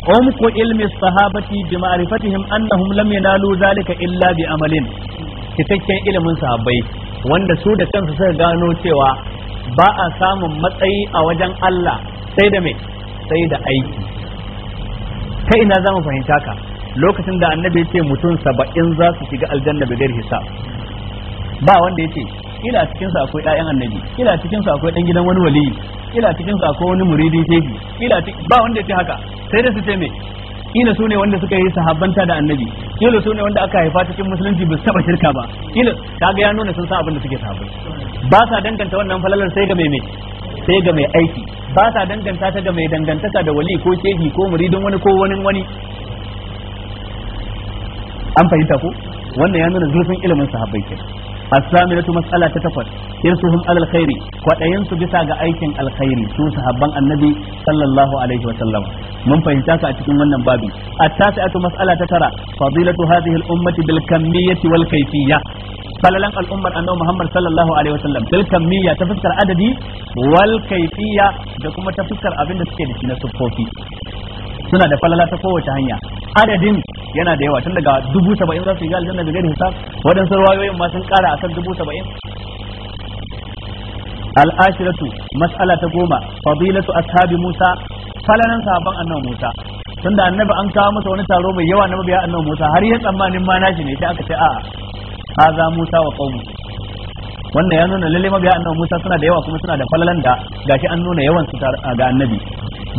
عمق علم الصحابة بمعرفتهم أنهم لم ينالوا ذلك إلا بعمل cikakken ilimin sahabbai wanda su da kansu suka gano cewa ba a samun matsayi a wajen Allah sai da me sai da aiki ta ina za mu fahimta ka lokacin da annabi ce mutum saba'in za su shiga aljanna bigar hisab ba wanda ya ce ila cikin sa akwai ɗayan annabi ila cikin sa akwai ɗan gidan wani waliyi ila cikin sa akwai wani muridi shehi ila ba wanda ya ce haka sai da su ce me kila sune wanda suka yi sahabbanta da annabi kila su ne wanda aka haifa cikin musulunci ba su taba shirka ba kila kaga ya nuna sun san abin da suke sahabbai ba sa danganta wannan falalar sai ga mai mai sai ga mai aiki ba sa danganta ta ga mai dangantaka da wali ko shehi ko muridin wani ko wani wani an fahimta ko wannan ya nuna zurfin ilimin sahabbai kenan as-saminatu mas'ala ta takwas hirsuhum alal khairi kwadayin su bisa ga aikin alkhairi su sahaban annabi sallallahu alaihi wa sallam mun fahimta ka a cikin wannan babi at-tasi'atu mas'ala ta tara fadilatu hadhihi ummati bil kamiyyati wal al'ummar annabi Muhammad sallallahu alaihi wa sallam bil kamiyya ta fuskar adadi wal da kuma ta fuskar abin da suke da shi na sufofi suna da falala ta kowace hanya adadin yana da yawa tun daga dubu saba'in za su yi aljanna da gari hisab waɗansu ruwayoyin ma sun ƙara kan dubu saba'in al'ashiratu mas'ala ta goma fadilatu ashabi musa falalan sabon annabi musa tun da annabi an kawo masa wani taro mai yawa na mabiya annabi musa har yi tsammanin ma nashi ne sai aka ce a'a haza musa wa qaumi wannan ya nuna lalle mabiya annabi musa suna da yawa kuma suna da falalan da gashi an nuna yawan su ga annabi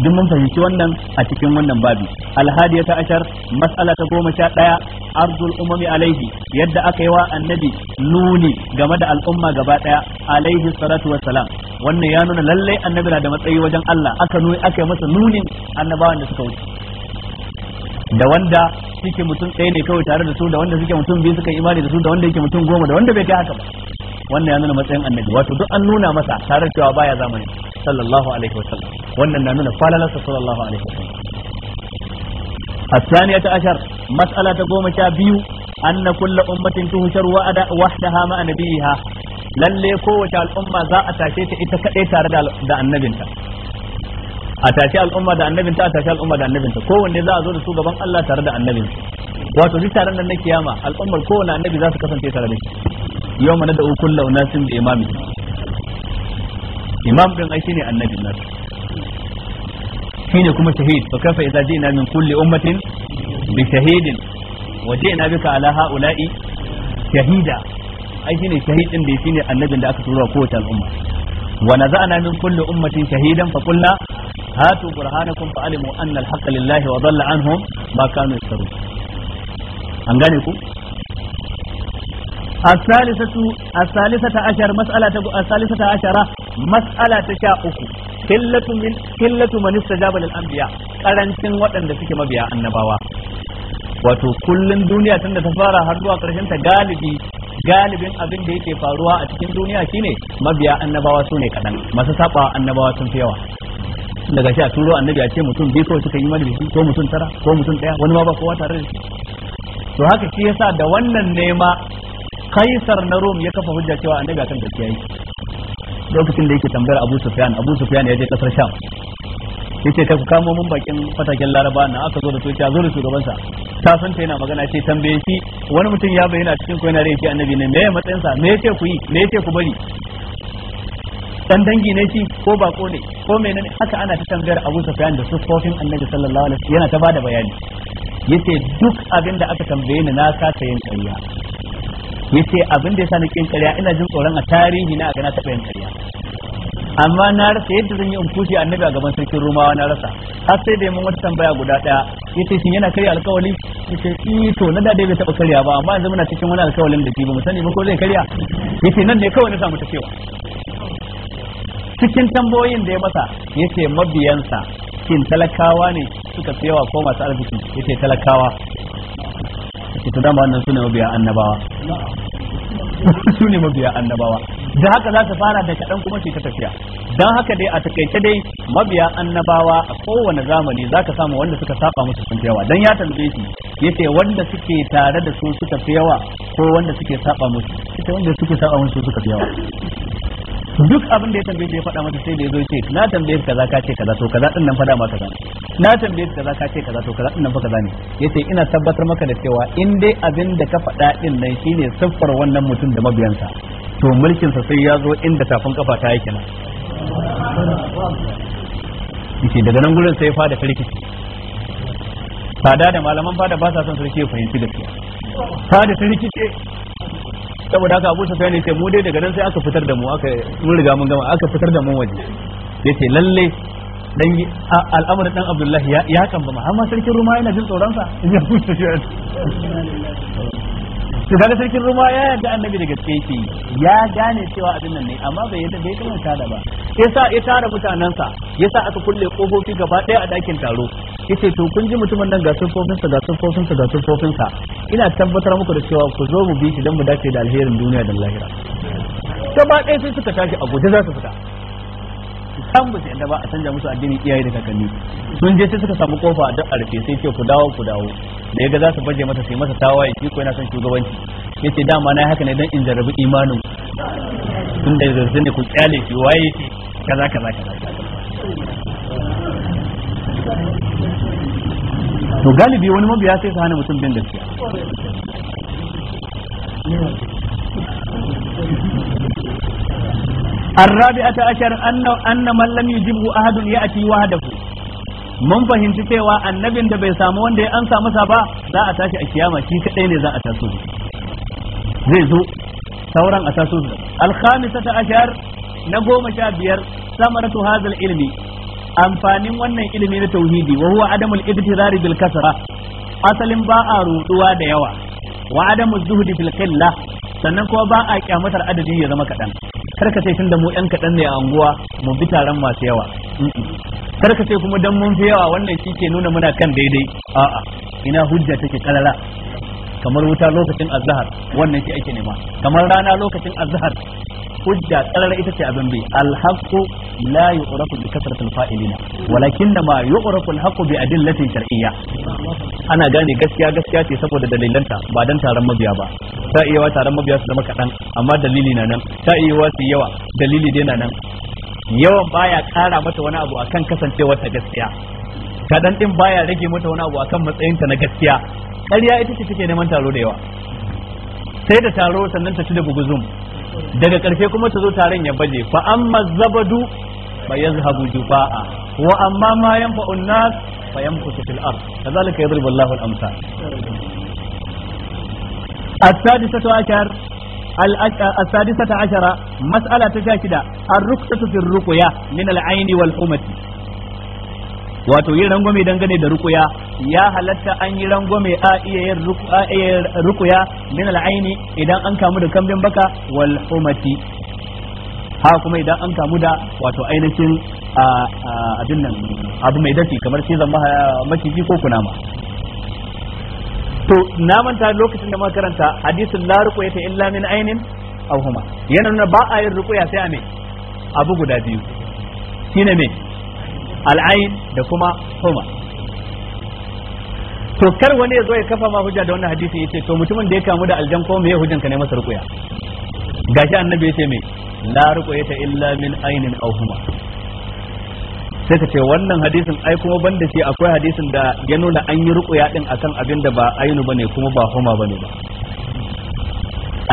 duk mun fahimci wannan a cikin wannan babi alhadiya ta ashar mas'ala ta goma sha daya arzul umami alaihi yadda aka yi wa annabi nuni game da al'umma gaba ɗaya alaihi salatu wassalam wannan ya nuna lallai annabi na da matsayi wajen Allah aka nuni aka yi masa nunin annabawan da suka wuce da wanda suke mutum ɗaya ne kawai tare da su da wanda suke mutum biyu suka imani da su da wanda yake mutum goma da wanda bai kai haka ba wannan ya nuna matsayin annabi wato duk an nuna masa tare cewa baya zamani sallallahu alaihi wasallam wannan na nuna falalarsa sallallahu alaihi wasallam الثانية عشر مسألة قوم biyu. أن كل أمة تهشر وحدها مع نبيها lalle kowace al'umma za a tashe ita kaɗai tare da annabinta a tashe al'umma da annabinta a tashe al'umma da annabinta kowanne za a zo da su gaban Allah tare da annabinta wato duk taron nan na kiyama al'ummar kowanne annabi za su kasance tare yawma nad'u kullu unasin bi imamihim imam din ai shine annabi nan shine kuma shahid fa kafa idza jina min kulli ummatin bi shahidin wa jina bika ala haula'i shahida ai shine shahid din da shine annabin da aka tura kowace al'umma wa naza'na min kulli ummatin shahidan fa qulna hatu burhanakum fa alimu anna al-haqqa lillahi wa dhalla anhum ma kanu yaftarun an gane ku الثالثة الثالثة عشر مسألة الثالثة عشرة مسألة تشاء قلة من قلة من استجاب للأنبياء قرنشن وطن دسك مبيا النبوة wato kullun duniya tun da ta fara har zuwa karshen ta galibi galibin abin da yake faruwa a cikin duniya shine mabiya annabawa su ne kadan masu saba annabawa sun fi yawa daga shi a turo annabi a ce mutum biyu kawai suka yi majalisi ko mutum tara ko mutum daya wani ma ba kowa tare da shi to haka shi yasa da wannan nema kaisar na rom ya kafa hujja cewa annabi akan gaskiya yake lokacin da yake tambayar abu sufyan abu sufyan ya je kasar sham ce ta ku kamo mun bakin fatakin laraba na aka zo da toci zo da shugaban ta san ta yana magana ce tambaye shi wani mutum ya bayyana cikin ko yana rai annabi ne me matsayin sa me yace ku yi me yace ku bari dan dangi ne shi ko bako ne ko menene haka ana ta tambayar Abu Sufyan da sufofin Annabi sallallahu alaihi wasallam yana ta bada bayani yace duk abin da aka tambaye ni na kasa yin ƙarya yace abin da yasa nake kin ƙarya ina jin tsoron a tarihi na ga na taɓa yin karya. amma na rasa yadda zan yi in kushe annabi a gaban sarkin rumawa na rasa har sai da mun wata tambaya guda daya yace shin yana karya alkawali yace eh to na da bai taɓa karya ba amma yanzu muna cikin wani alkawalin da ke ba mu sani ba ko zai karya yace nan ne kawai na samu ta cewa cikin tambayoyin da ya masa yace mabiyansa shin talakawa ne suka fi yawa ko masu arziki yace talakawa ce ta dama wannan sune mabiya annabawa sune mabiya annabawa da haka za ta fara da kaɗan kuma ce ta tafiya don haka dai a takaice dai mabiya annabawa a kowane zamani za ka samu wanda suka saba musu sun fi yawa don ya tambaye shi ya ce wanda suke tare da su suka fi yawa ko wanda suke saba musu ita wanda suke saba musu suka fi yawa duk abin da ya tambaye ya faɗa masa sai da ya zo ce na tambaye ka kaza ka ce kaza to kaza din nan faɗa ma kaza na tambaye ka kaza ka ce kaza to kaza din nan fa kaza ne yace ina tabbatar maka da cewa in dai abin da ka faɗa din nan shine siffar wannan mutum da mabiyansa to mulkin sa sai ya zo inda tafin kafa ta yake nan yace daga nan gurin sai fada firkici fada da malaman fada ba sa son sarki ya fahimci gaskiya fada ta rikice saboda haka abu sufyan yace mu dai daga nan sai aka fitar da mu aka mun riga mun gama aka fitar da mu waje yace lalle dan al'amarin dan abdullahi ya kamba ma amma sarkin ruma yana jin tsoron sa to kaga sarkin ruma ya yarda annabi da gaske yake ya gane cewa abin nan ne amma bai yarda bai kalmar tada ba sa ya tara mutanansa sa aka kulle kofofi gaba daya a dakin taro yace to kun ji mutumin nan ga sufofinsa ga sufofinsa ga sufofinsa ina tabbatar muku da cewa ku zo mu bi shi dan mu dace da alherin duniya da lahira ta ɗaya sai suka tashi a guje za su fita can ba su yadda ba a canja musu addini iyaye da kakanni sun je sai suka samu kofa a rufe sai ce ku dawo ku dawo da yaga za su baje masa sai masa tawaye shi ko yana son shugabanci ce dama na haka ne don in jarabi imanin sun da zarzan da ku kyale shi waye kaza kaza kaza to galibi wani mabiya sai su hana mutum bin gaskiya الرابعة عشر أن أن من لم يجبه أحد يأتي وحده mun fahimci cewa annabin da bai samu wanda ya ansa masa ba za a tashi a kiyama shi kadai ne za a taso zai zo sauran a taso su alkhamisata ashar na goma sha biyar samaratu hazal ilmi amfanin wannan ilimi na tauhidi wa Adamu adamul ibtirari bil kasra asalin ba a ruduwa da yawa wa adamu zuhdi fil qilla sannan kuma ba a kyamatar adadin ya zama kaɗan. kar ka ce tunda mu yan kaɗan ne a anguwa mu bi taron masu yawa kar ka kuma dan mun fi yawa wannan shi ke nuna muna kan daidai a'a ina hujja take kalala kamar wuta lokacin azhar wannan shi ake nema kamar rana lokacin azhar hujja tsarar ita ce abin bi alhaqqu la yu'rafu bi kasrati alfa'ilina walakin ma yu'rafu alhaqqu bi adillatin shar'iyya ana gane gaskiya gaskiya ce saboda dalilanta ba dan taron mabiya ba ta iya taron mabiya su zama kadan amma dalili na nan ta iya su yawa dalili dai na nan yawan baya kara mata wani abu akan kasancewar ta gaskiya kadan din baya rage mata wani abu akan matsayinta na gaskiya ƙarya ita ce take neman taro da yawa sai da taro sannan ta ci da guguzum daga ƙarshe kuma ta zo taron ya baje fa amma zabadu fa yazhabu jufa'a wa amma ma yanfa'u nas fa ta fil ard kadhalika yadribu Allahu al-amsal ta عشر السادسة عشرة مسألة تشاكدة الرقصة في الرقية من العين والحمة wato yin rangwame dangane da rukuya ya halatta an yi rangwame a iya yin rukuya min al'aini idan an kamu da kambin baka wal humati ha kuma idan an kamu da wato ainihin abin nan abu mai dafi kamar shi zan maciji ko kunama to na manta lokacin da makaranta karanta hadisin la ta illa min ainin au huma yana nuna ba a yin rukuya sai a me abu guda biyu shine me al'ain da kuma huma to kar wani ya zo ya kafa ma hujja da wannan hadisi yace to mutumin da ya kamu da aljan ko me hujjan ka ne masa rukuya gashi annabi yace me la ruqyata illa min ainin aw huma sai ka ce wannan hadisin ai kuma banda shi akwai hadisin da ya nuna an yi rukuya din akan abin da ba ainu bane kuma ba huma bane ba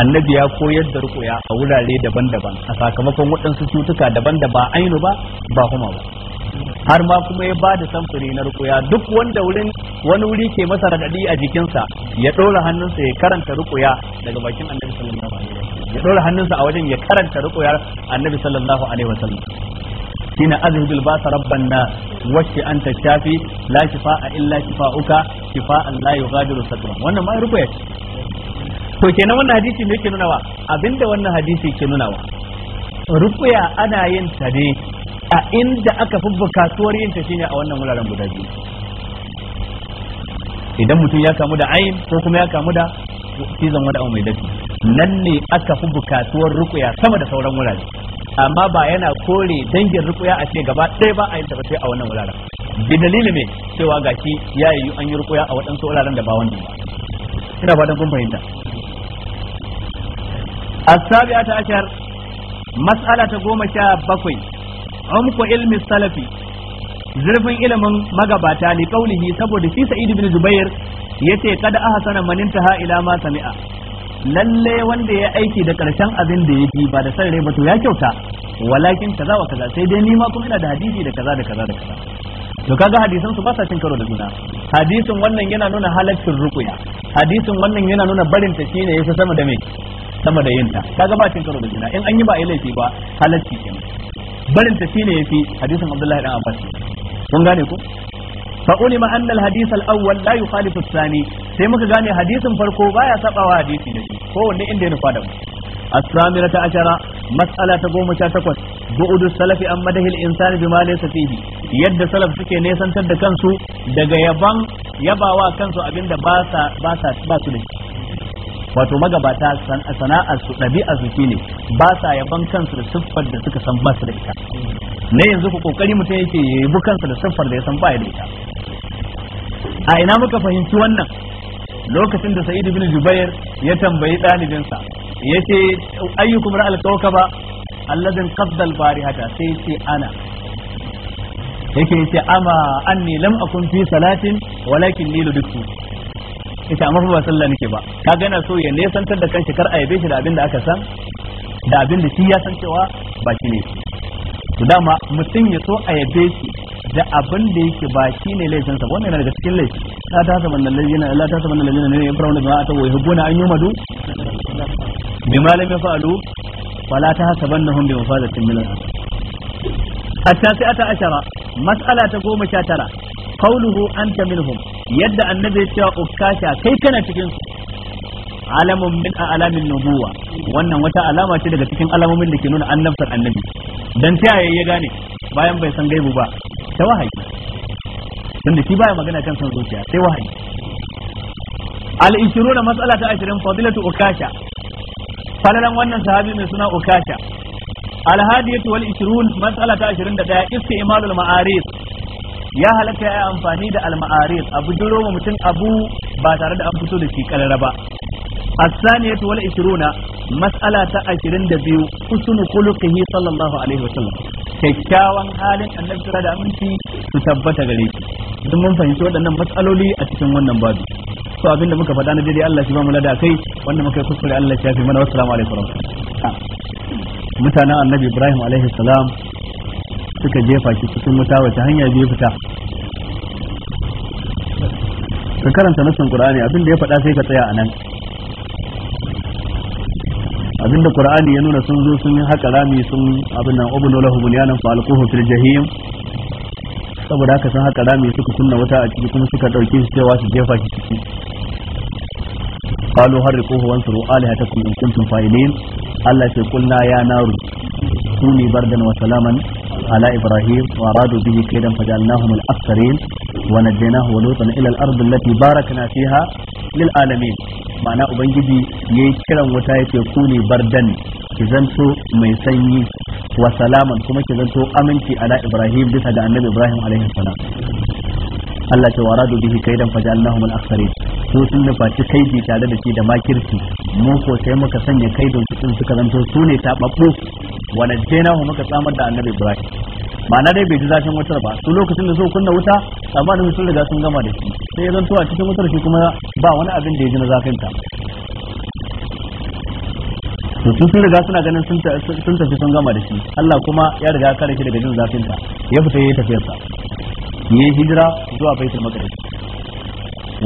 annabi ya koyar da rukuya a wurare daban-daban a sakamakon waɗansu cutuka daban da ba ainu ba ba huma ba har ma kuma ya ba da samfuri na rukuya duk wanda wurin wani wuri ke masa radadi a jikinsa ya ɗora hannunsa ya karanta rukuya daga bakin annabi sallallahu alaihi wasallam ya ɗora hannunsa a wajen ya karanta rukuya annabi sallallahu alaihi wasallam shine azhudul basa rabban na wacce an ta shafi la shifa'a illa shifa'uka shifa'an la yughadiru saqama wannan ma rukuya ce to kenan wannan hadisi me yake nunawa abinda wannan hadisi ke nunawa rukuya ana yin ta ne a inda aka fi bukatuwar yin ta shine a wannan wuraren guda biyu idan mutum ya kamu da ayin ko kuma ya kamu da cizon wani abu mai dafi nan ne aka fi bukatuwar rukuya sama da sauran wurare amma ba yana kore dangin rukuya a ce gaba ɗaya ba a yin ta a wannan wuraren bi dalili mai cewa gashi ya yi an yi rukuya a waɗansu wuraren da ba wanda ba ina fatan kun fahimta السابعة عشر مسألة قوم شاب بكوي umku ilmi salafi zurfin ilimin magabata li kaulihi saboda shi sa'id ibn zubair yace kad ahsana man intaha ila ma sami'a lalle wanda ya aiki da karshen abin da yake ba da san ba to ya kyauta walakin kaza wa kaza sai dai ni ma kuma ina da hadisi da kaza da kaza da kaza to kaga hadisan su ba sa cin karo da juna hadisin wannan yana nuna halaccin rukuya hadisin wannan yana nuna barin ta shine yasa sama da mai sama da yinta kaga ba cin karo da juna in an yi ba a yi laifi ba halacci kenan barin ta shine yafi hadisin Abdullahi dan Abbas kun gane ko fa ulima anna al hadith al awwal la yukhalifu thani sai muka gane hadisin farko baya sabawa hadisi da shi ko wanne inda ya nufa da mu الثامنة عشرة مسألة تقوم شاتكوس بعد السلف أم مده الإنسان بما ليس فيه يد سلف سكي نيسان تد كنسو دقا يبان يبا وا كنسو أبين باسا باسا باسو wato magabata sana'ar su ɗabi'a su shine ba sa yaban kansu da siffar da suka san ba su da ita na yanzu ku kokari mutum yake yabi kansa da siffar da ya san ba ya da ita a ina muka fahimci wannan lokacin da sa'id ibn jubair ya tambayi ɗalibinsa ya ce ayyukum ra'al kawkaba alladhin qabda al-barihata sai ce ana yake yace ama anni lam akun fi salatin walakin ni dukku. yace amma fa ba sallah nake ba kaga yana so ya nesantar da kanshi kar a yabe shi da abin da aka san da abin da shi ya san cewa ba shi ne to dama mutum ya so a yabe shi da abin da yake ba shi ne laifin sa wannan yana daga cikin laifi la ta la ta ne an ta bi mafadatin ata ashara mas'ala ta goma sha tara qawluhu anta minhum yadda annabi ya cewa ukasha kai kana cikin su alamun min alamin nubuwa wannan wata alama ce daga cikin alamomin da ke nuna annabtar annabi dan ta yaya ya gane bayan bai san gaibu ba ta wahayi tunda shi baya magana kan san zuciya sai wahayi al-ishruna mas'ala ta 20 fadilatu ukasha falalan wannan sahabi mai suna ukasha al-hadiyatu wal ishrun mas'ala ta 21 istimalul ma'arif ya halatta ya amfani da alma'arif abu duro wa mutum abu ba tare da an fito da shi karara ba الثانية والعشرون مسألة عشرين دبيو حسن khuluqihi sallallahu alaihi wa sallam kyakkyawan halin annabi sura da aminci su tabbata gare shi don mun fahimci waɗannan matsaloli a cikin wannan babu to abinda muka faɗa na daidai Allah shi ba mu lada kai wanda muka yi kuskure Allah shi ya fi mana wassalamu alaikum mutanen annabi Ibrahim alaihi salam suka jefa shi cikin wuta wace hanya biyu fita ka karanta nassin qur'ani abinda ya faɗa sai ka tsaya a nan abin da ya nuna sun zo sun yi haka rami sun abin nan ubnu lahu bunyanan fa alquhu fil jahim saboda haka sun haka rami suka kunna wuta a ciki kuma suka dauke shi cewa su jefa shi ciki قالوا حرقوه وانصروا آلهتكم in Allah ce kulna ya naru kuni bardan wa salaman ala ibrahim wa radu bihi kaidan fajalnahum al-aktharin wa najjaynahu wa lutan ila al-ard allati barakna fiha lil alamin ma'ana ubangiji yayi kiran wuta yace kuni bardan ki zanto mai sanyi wa salaman kuma ki zanto aminci ala ibrahim bisa ga annabi ibrahim alaihi salam Allah ta wara da bihi kaidan fa ja'alnahum mal aktharin su sun nufaci kaidi tare da shi da makirci mu ko sai muka sanya kaidon su sun suka zanto su ne wala jena mu muka samar da annabi Ibrahim ma'ana dai bai ji zafin wutar ba su lokacin da su kunna wuta amma da sun riga sun gama da shi sai ya zanto a cikin wutar shi kuma ba wani abin da ya ji na zafin ta to su sun riga suna ganin sun tafi sun gama da shi Allah kuma ya riga kare shi daga jin zafin ta ya fita tafiyar tafiyarsa Yi hijira zuwa baitul maqdis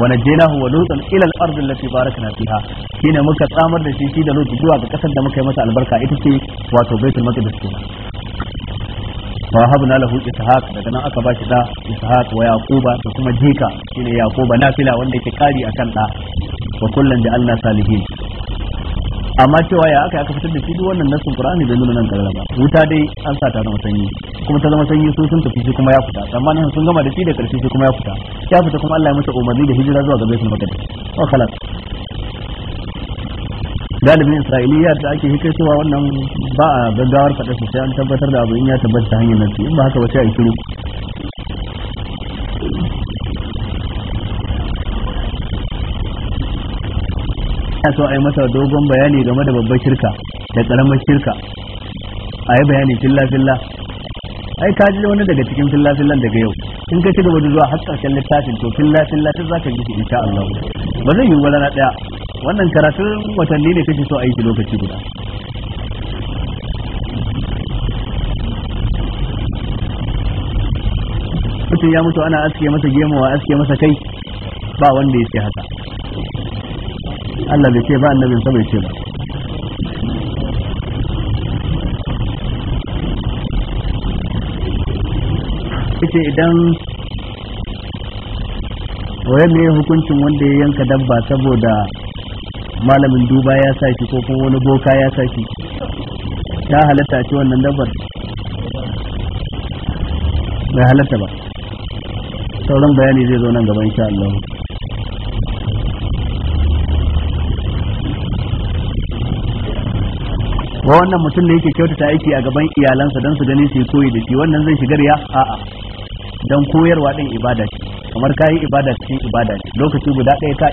wa najaynahu wa lutan ila al-ard allati barakna fiha kina muka tsamar da shi shi da lutu zuwa ga kasar da muka yi masa albarka ita ce wato baitul maqdis kenan wahabna lahu ishaq daga nan aka bashi da ishaq wa yaquba da kuma jika shine yaquba nafila wanda yake kari akan da wa kullun ja'alna salihin amma cewa ya aka aka fitar da shi duk wannan nasin qur'ani da nuna nan karara ba wuta dai an sa ta zama sanyi kuma ta zama sanyi sun sun tafi shi kuma ya fita amma nan sun gama da shi da karshe shi kuma ya fita ya fita kuma Allah ya masa umarni da hijira zuwa ga baitul maqdis wa khalas galibin isra'iliya da ake hikar cewa wannan ba a gaggawar faɗa su sai an tabbatar da abu in ya tabbata hanyar nan in ba haka ba sai a yi shiru ya so a yi masa dogon bayani game da babbar shirka da karamar shirka a yi bayani filla filla ai ka ji wani daga cikin filla fillan daga yau in ka ci gaba da zuwa har karshen littafin to filla filla ta ka ji shi insha Allah ba zai yi wani na daya wannan karatun watanni ne kake so a yi lokaci guda mutum ya mutu ana aske masa gemu aske masa kai ba wanda ya ce haka Allah bai ce ba annabin sa bai ce ba ita idan waye ne hukuncin wanda ya yanka dabba saboda malamin duba ya sa ko kuma wani boka ya sa ta halatta ce wannan dabbar bai halatta ba sauran bayani zai zo nan gaban insha Allah ba wannan mutum da yake kyautata aiki a gaban iyalansa don su gani su koyi da shi wannan zai shigar ya a'a don koyarwa din ibada ce kamar kayi ibada cikin ibada ce lokaci guda ɗaya ka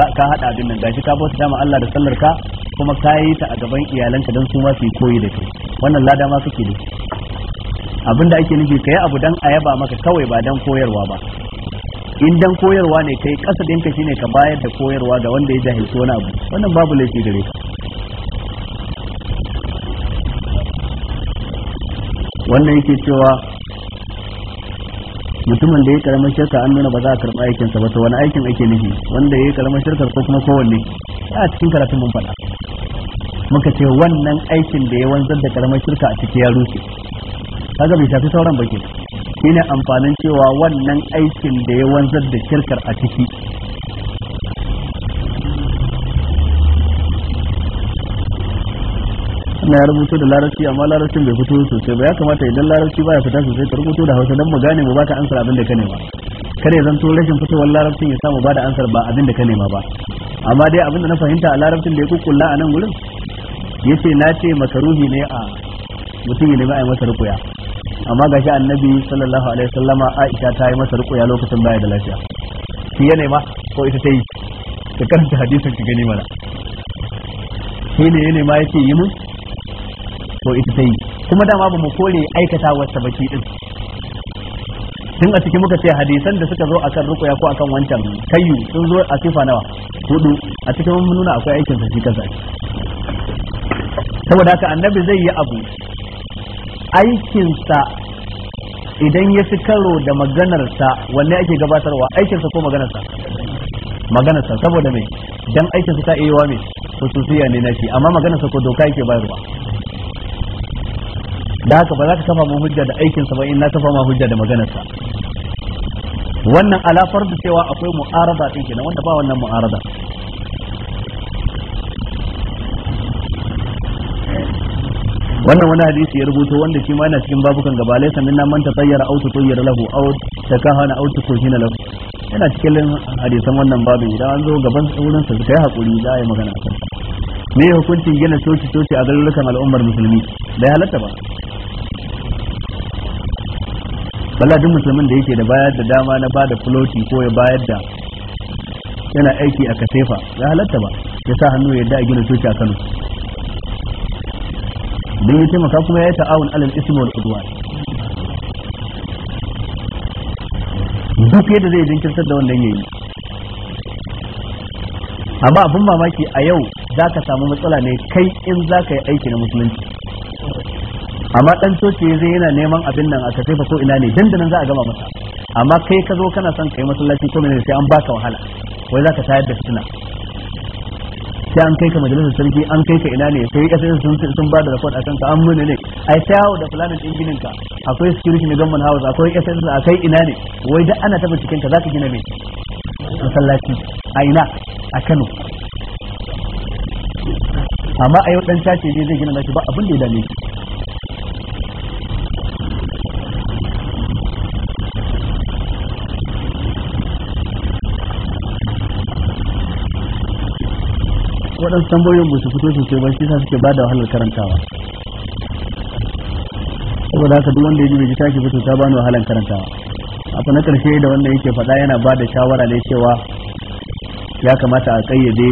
ka ka hada abin nan gashi ka bauta dama Allah da sallar ka kuma kayi ta a gaban iyalanka don su ma su koyi da kai wannan lada ma suke da abin da ake nufi kai abu dan ayaba maka kawai ba dan koyarwa ba in dan koyarwa ne kai kasa ɗinka shine ka bayar da koyarwa ga wanda ya jahilci wani abu wannan babu laifi gare ka wannan yake cewa mutumin da ya karama shirka an nuna ba za a karɓa aikinsa ba to wani aikin ake nufi wanda ya karama shirka ko kuma kowanne a cikin karatun mun faɗa muka ce wannan aikin da ya wanzar da karamar shirka a ciki ya rushe kaga bai shafi sauran ba ke shine amfanin cewa wannan aikin da ya wanzar da shirkar a ciki na ya rubuto da larabci amma larabcin bai fito sosai ba ya kamata idan larabci baya fita sosai ka rubuto da hausa dan mu gane mu baka ansar abin da ka nema kare zanto rashin fitowar larabcin ya samu bada ansar ba abin da ka nema ba amma dai abin da na fahimta a larabcin da ya kukkulla a nan gurin ce na ce makaruhi ne a mutum ya nemi a yi masa rukuya amma ga gashi annabi sallallahu alaihi wasallama Aisha ta yi masa rukuya lokacin baya da lafiya shi ya nema ko ita ta yi ka karanta hadisin ka gani mana shi ne ya nema yake yi mun to ita ta yi kuma dama ba mu kore aikata wata baki din tun a ciki muka ce hadisan da suka zo a kan rukuya ko a kan wancan kayu sun zo a sifa nawa hudu a cikin mun nuna akwai aikin sa shi kansa saboda haka annabi zai yi abu aikinsa idan ya fi karo da maganarsa wanne ake gabatarwa aikinsa ko maganarsa maganarsa saboda mai dan aikinsa ta iya wa mai hususiya ne na shi amma maganarsa ko doka yake bayarwa da haka ba za ka kafa hujja da aikinsa ba in na kafa ma hujja da maganarsa wannan alafar da cewa akwai mu'arada din kenan wanda ba wannan mu'arada wannan wani hadisi ya rubuto wanda shi ma yana cikin babukan gaba lai sannan na manta tayyara autu tayyara lahu aw takahana autu kushina lahu yana cikin hadisan wannan babin idan an zo gaban wurin sa kai hakuri za a yi magana kan me hukuncin gina coci coci a garurukan al'ummar musulmi da ya halatta ba wala musulmin da yake da bayar da dama na bada fuloti ko ya bayar da yana aiki a kasefa ya halatta ba ya sa hannu yadda a gina coci a Kano don yi taimaka kuma ya yi ta'awun alal ismi wal duk yadda zai jinkirtar da wannan yayi amma abin mamaki a yau za ka samu matsala ne kai in za ka yi aiki na musulunci amma dan coci zai yana neman abin nan aka sai ko ina ne dandanan za a gama masa amma kai ka zo kana son kai masallaci ko ne sai an baka wahala wai za ka tayar da fitina sai an kai ka majalisar sarki an kai ka ina ne sai ka sai sun sun ba da report akan ka an mun ne ai tayawo da fulanin injinin ginin ka akwai security ne government house akwai sai akai ina ne wai da ana tabbata cikin ka zaka gina me masallaci a ina a Kano amma a yau ɗan tace ne zai gina nashi ba abin da ya dame shi waɗansu tambayoyin ba su fito sosai ba shi sa suke ba da wahalar karantawa saboda haka duk wanda ya ji bai ji tashi fito ta bani wahalar karantawa abu na karshe da wanda yake faɗa yana ba da shawara ne cewa ya kamata a kayyade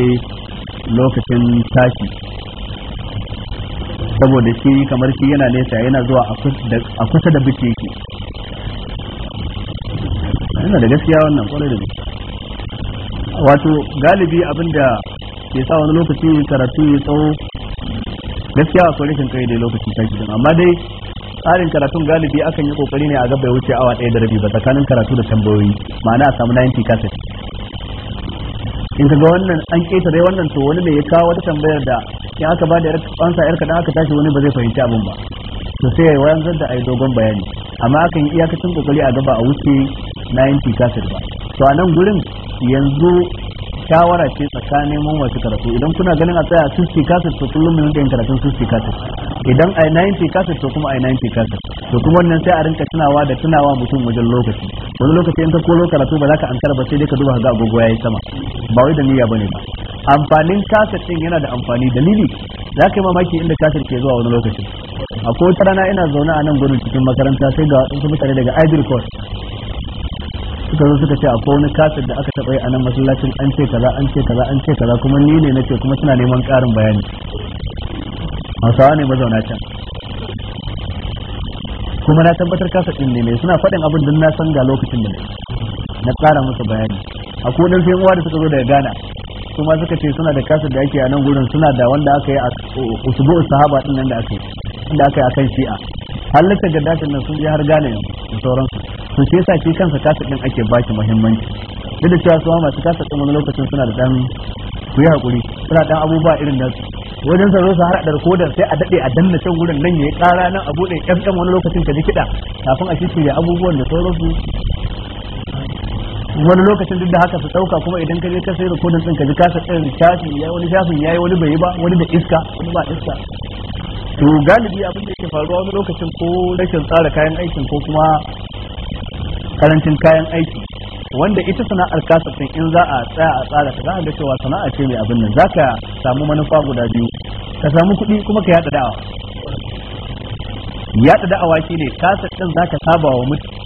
lokacin tashi saboda shi kamar shi yana nesa yana zuwa a kusa da bice yake yana da gaskiya wannan kwarai da wato galibi abinda ke sa wani lokaci karatu ya tsawo gaskiya a rashin kai da lokaci ta gidan amma dai tsarin karatun galibi akan yi kokari ne a ga wuce awa ɗaya da rabi ba tsakanin karatu da tambayoyi ma'ana a samu 90 kaset in ka ga wannan an dai wannan to wani mai ya kawo wata tambayar da in aka ba da ansa 'yarka dan aka tashi wani ba zai fahimci abin ba to sai yayi wayan da ayi dogon bayani amma akan yi iyakacin kokari a gaba a wuce 90 kaset ba to a nan gurin yanzu shawara ce tsakanin mun wasu karatu idan kuna ganin a tsaya 60 kasir to kullum mun yin karatun 60 kasir idan ai 90 kasir to kuma ai 90 kasir to kuma wannan sai a rinka tunawa da tunawa mutum wajen lokaci wani lokaci in ka karatu ba za ka ankara ba sai dai ka duba ga agogo yi sama ba wai da niyya ne ba amfanin kasir din yana da amfani dalili za ka yi mamaki inda kasar ke zuwa wani lokaci a kowace rana ina zaune a nan gudun cikin makaranta sai ga wasu mutane daga Ivory Coast suka zo suka ce akwai wani kasir da aka taɓa yi a nan masallacin an ce kaza an ce kaza an ce kaza kuma ni ne nace kuma suna neman ƙarin bayani hausawa ne mazauna can kuma na tabbatar kasa ɗin ne suna faɗin abin da na san ga lokacin da ne na ƙara musu bayani a kudin sai uwa da suka zo daga gana kuma suka ce suna da kasar da ake a nan gurin suna da wanda aka yi a usbu'u sahaba ɗin nan da aka yi inda aka yi akan shi'a halittar da gaddashin nan sun je har gane yau da sauransu to shi yasa shi kansa kasa din ake baki muhimmanci duk da cewa su masu kasa din wani lokacin suna da dan ku yi hakuri suna dan abubuwa irin nasu wajen sa zo su ko da sai a daɗe a danna can wurin nan ya yi ƙara nan a buɗe ƙan wani lokacin ka ji kiɗa kafin a shi ya abubuwan da sauransu wani lokacin duk da haka su ɗauka, kuma idan ka je ka sai rikodin din ka ji kasa ɗin shafin yi wani shafin ya yi wani bai yi ba wani da iska wani ba iska to galibi abin da ke faruwa wani lokacin ko rashin tsara kayan aikin ko kuma karancin kayan aiki wanda ita sana'ar kasafin in za a tsaya a tsara ka ga cewa sana'a ce mai abin nan zaka samu manufa guda biyu ka samu kuɗi kuma ka yaɗa da'awa yaɗa da'awa shine kasafin zaka saba wa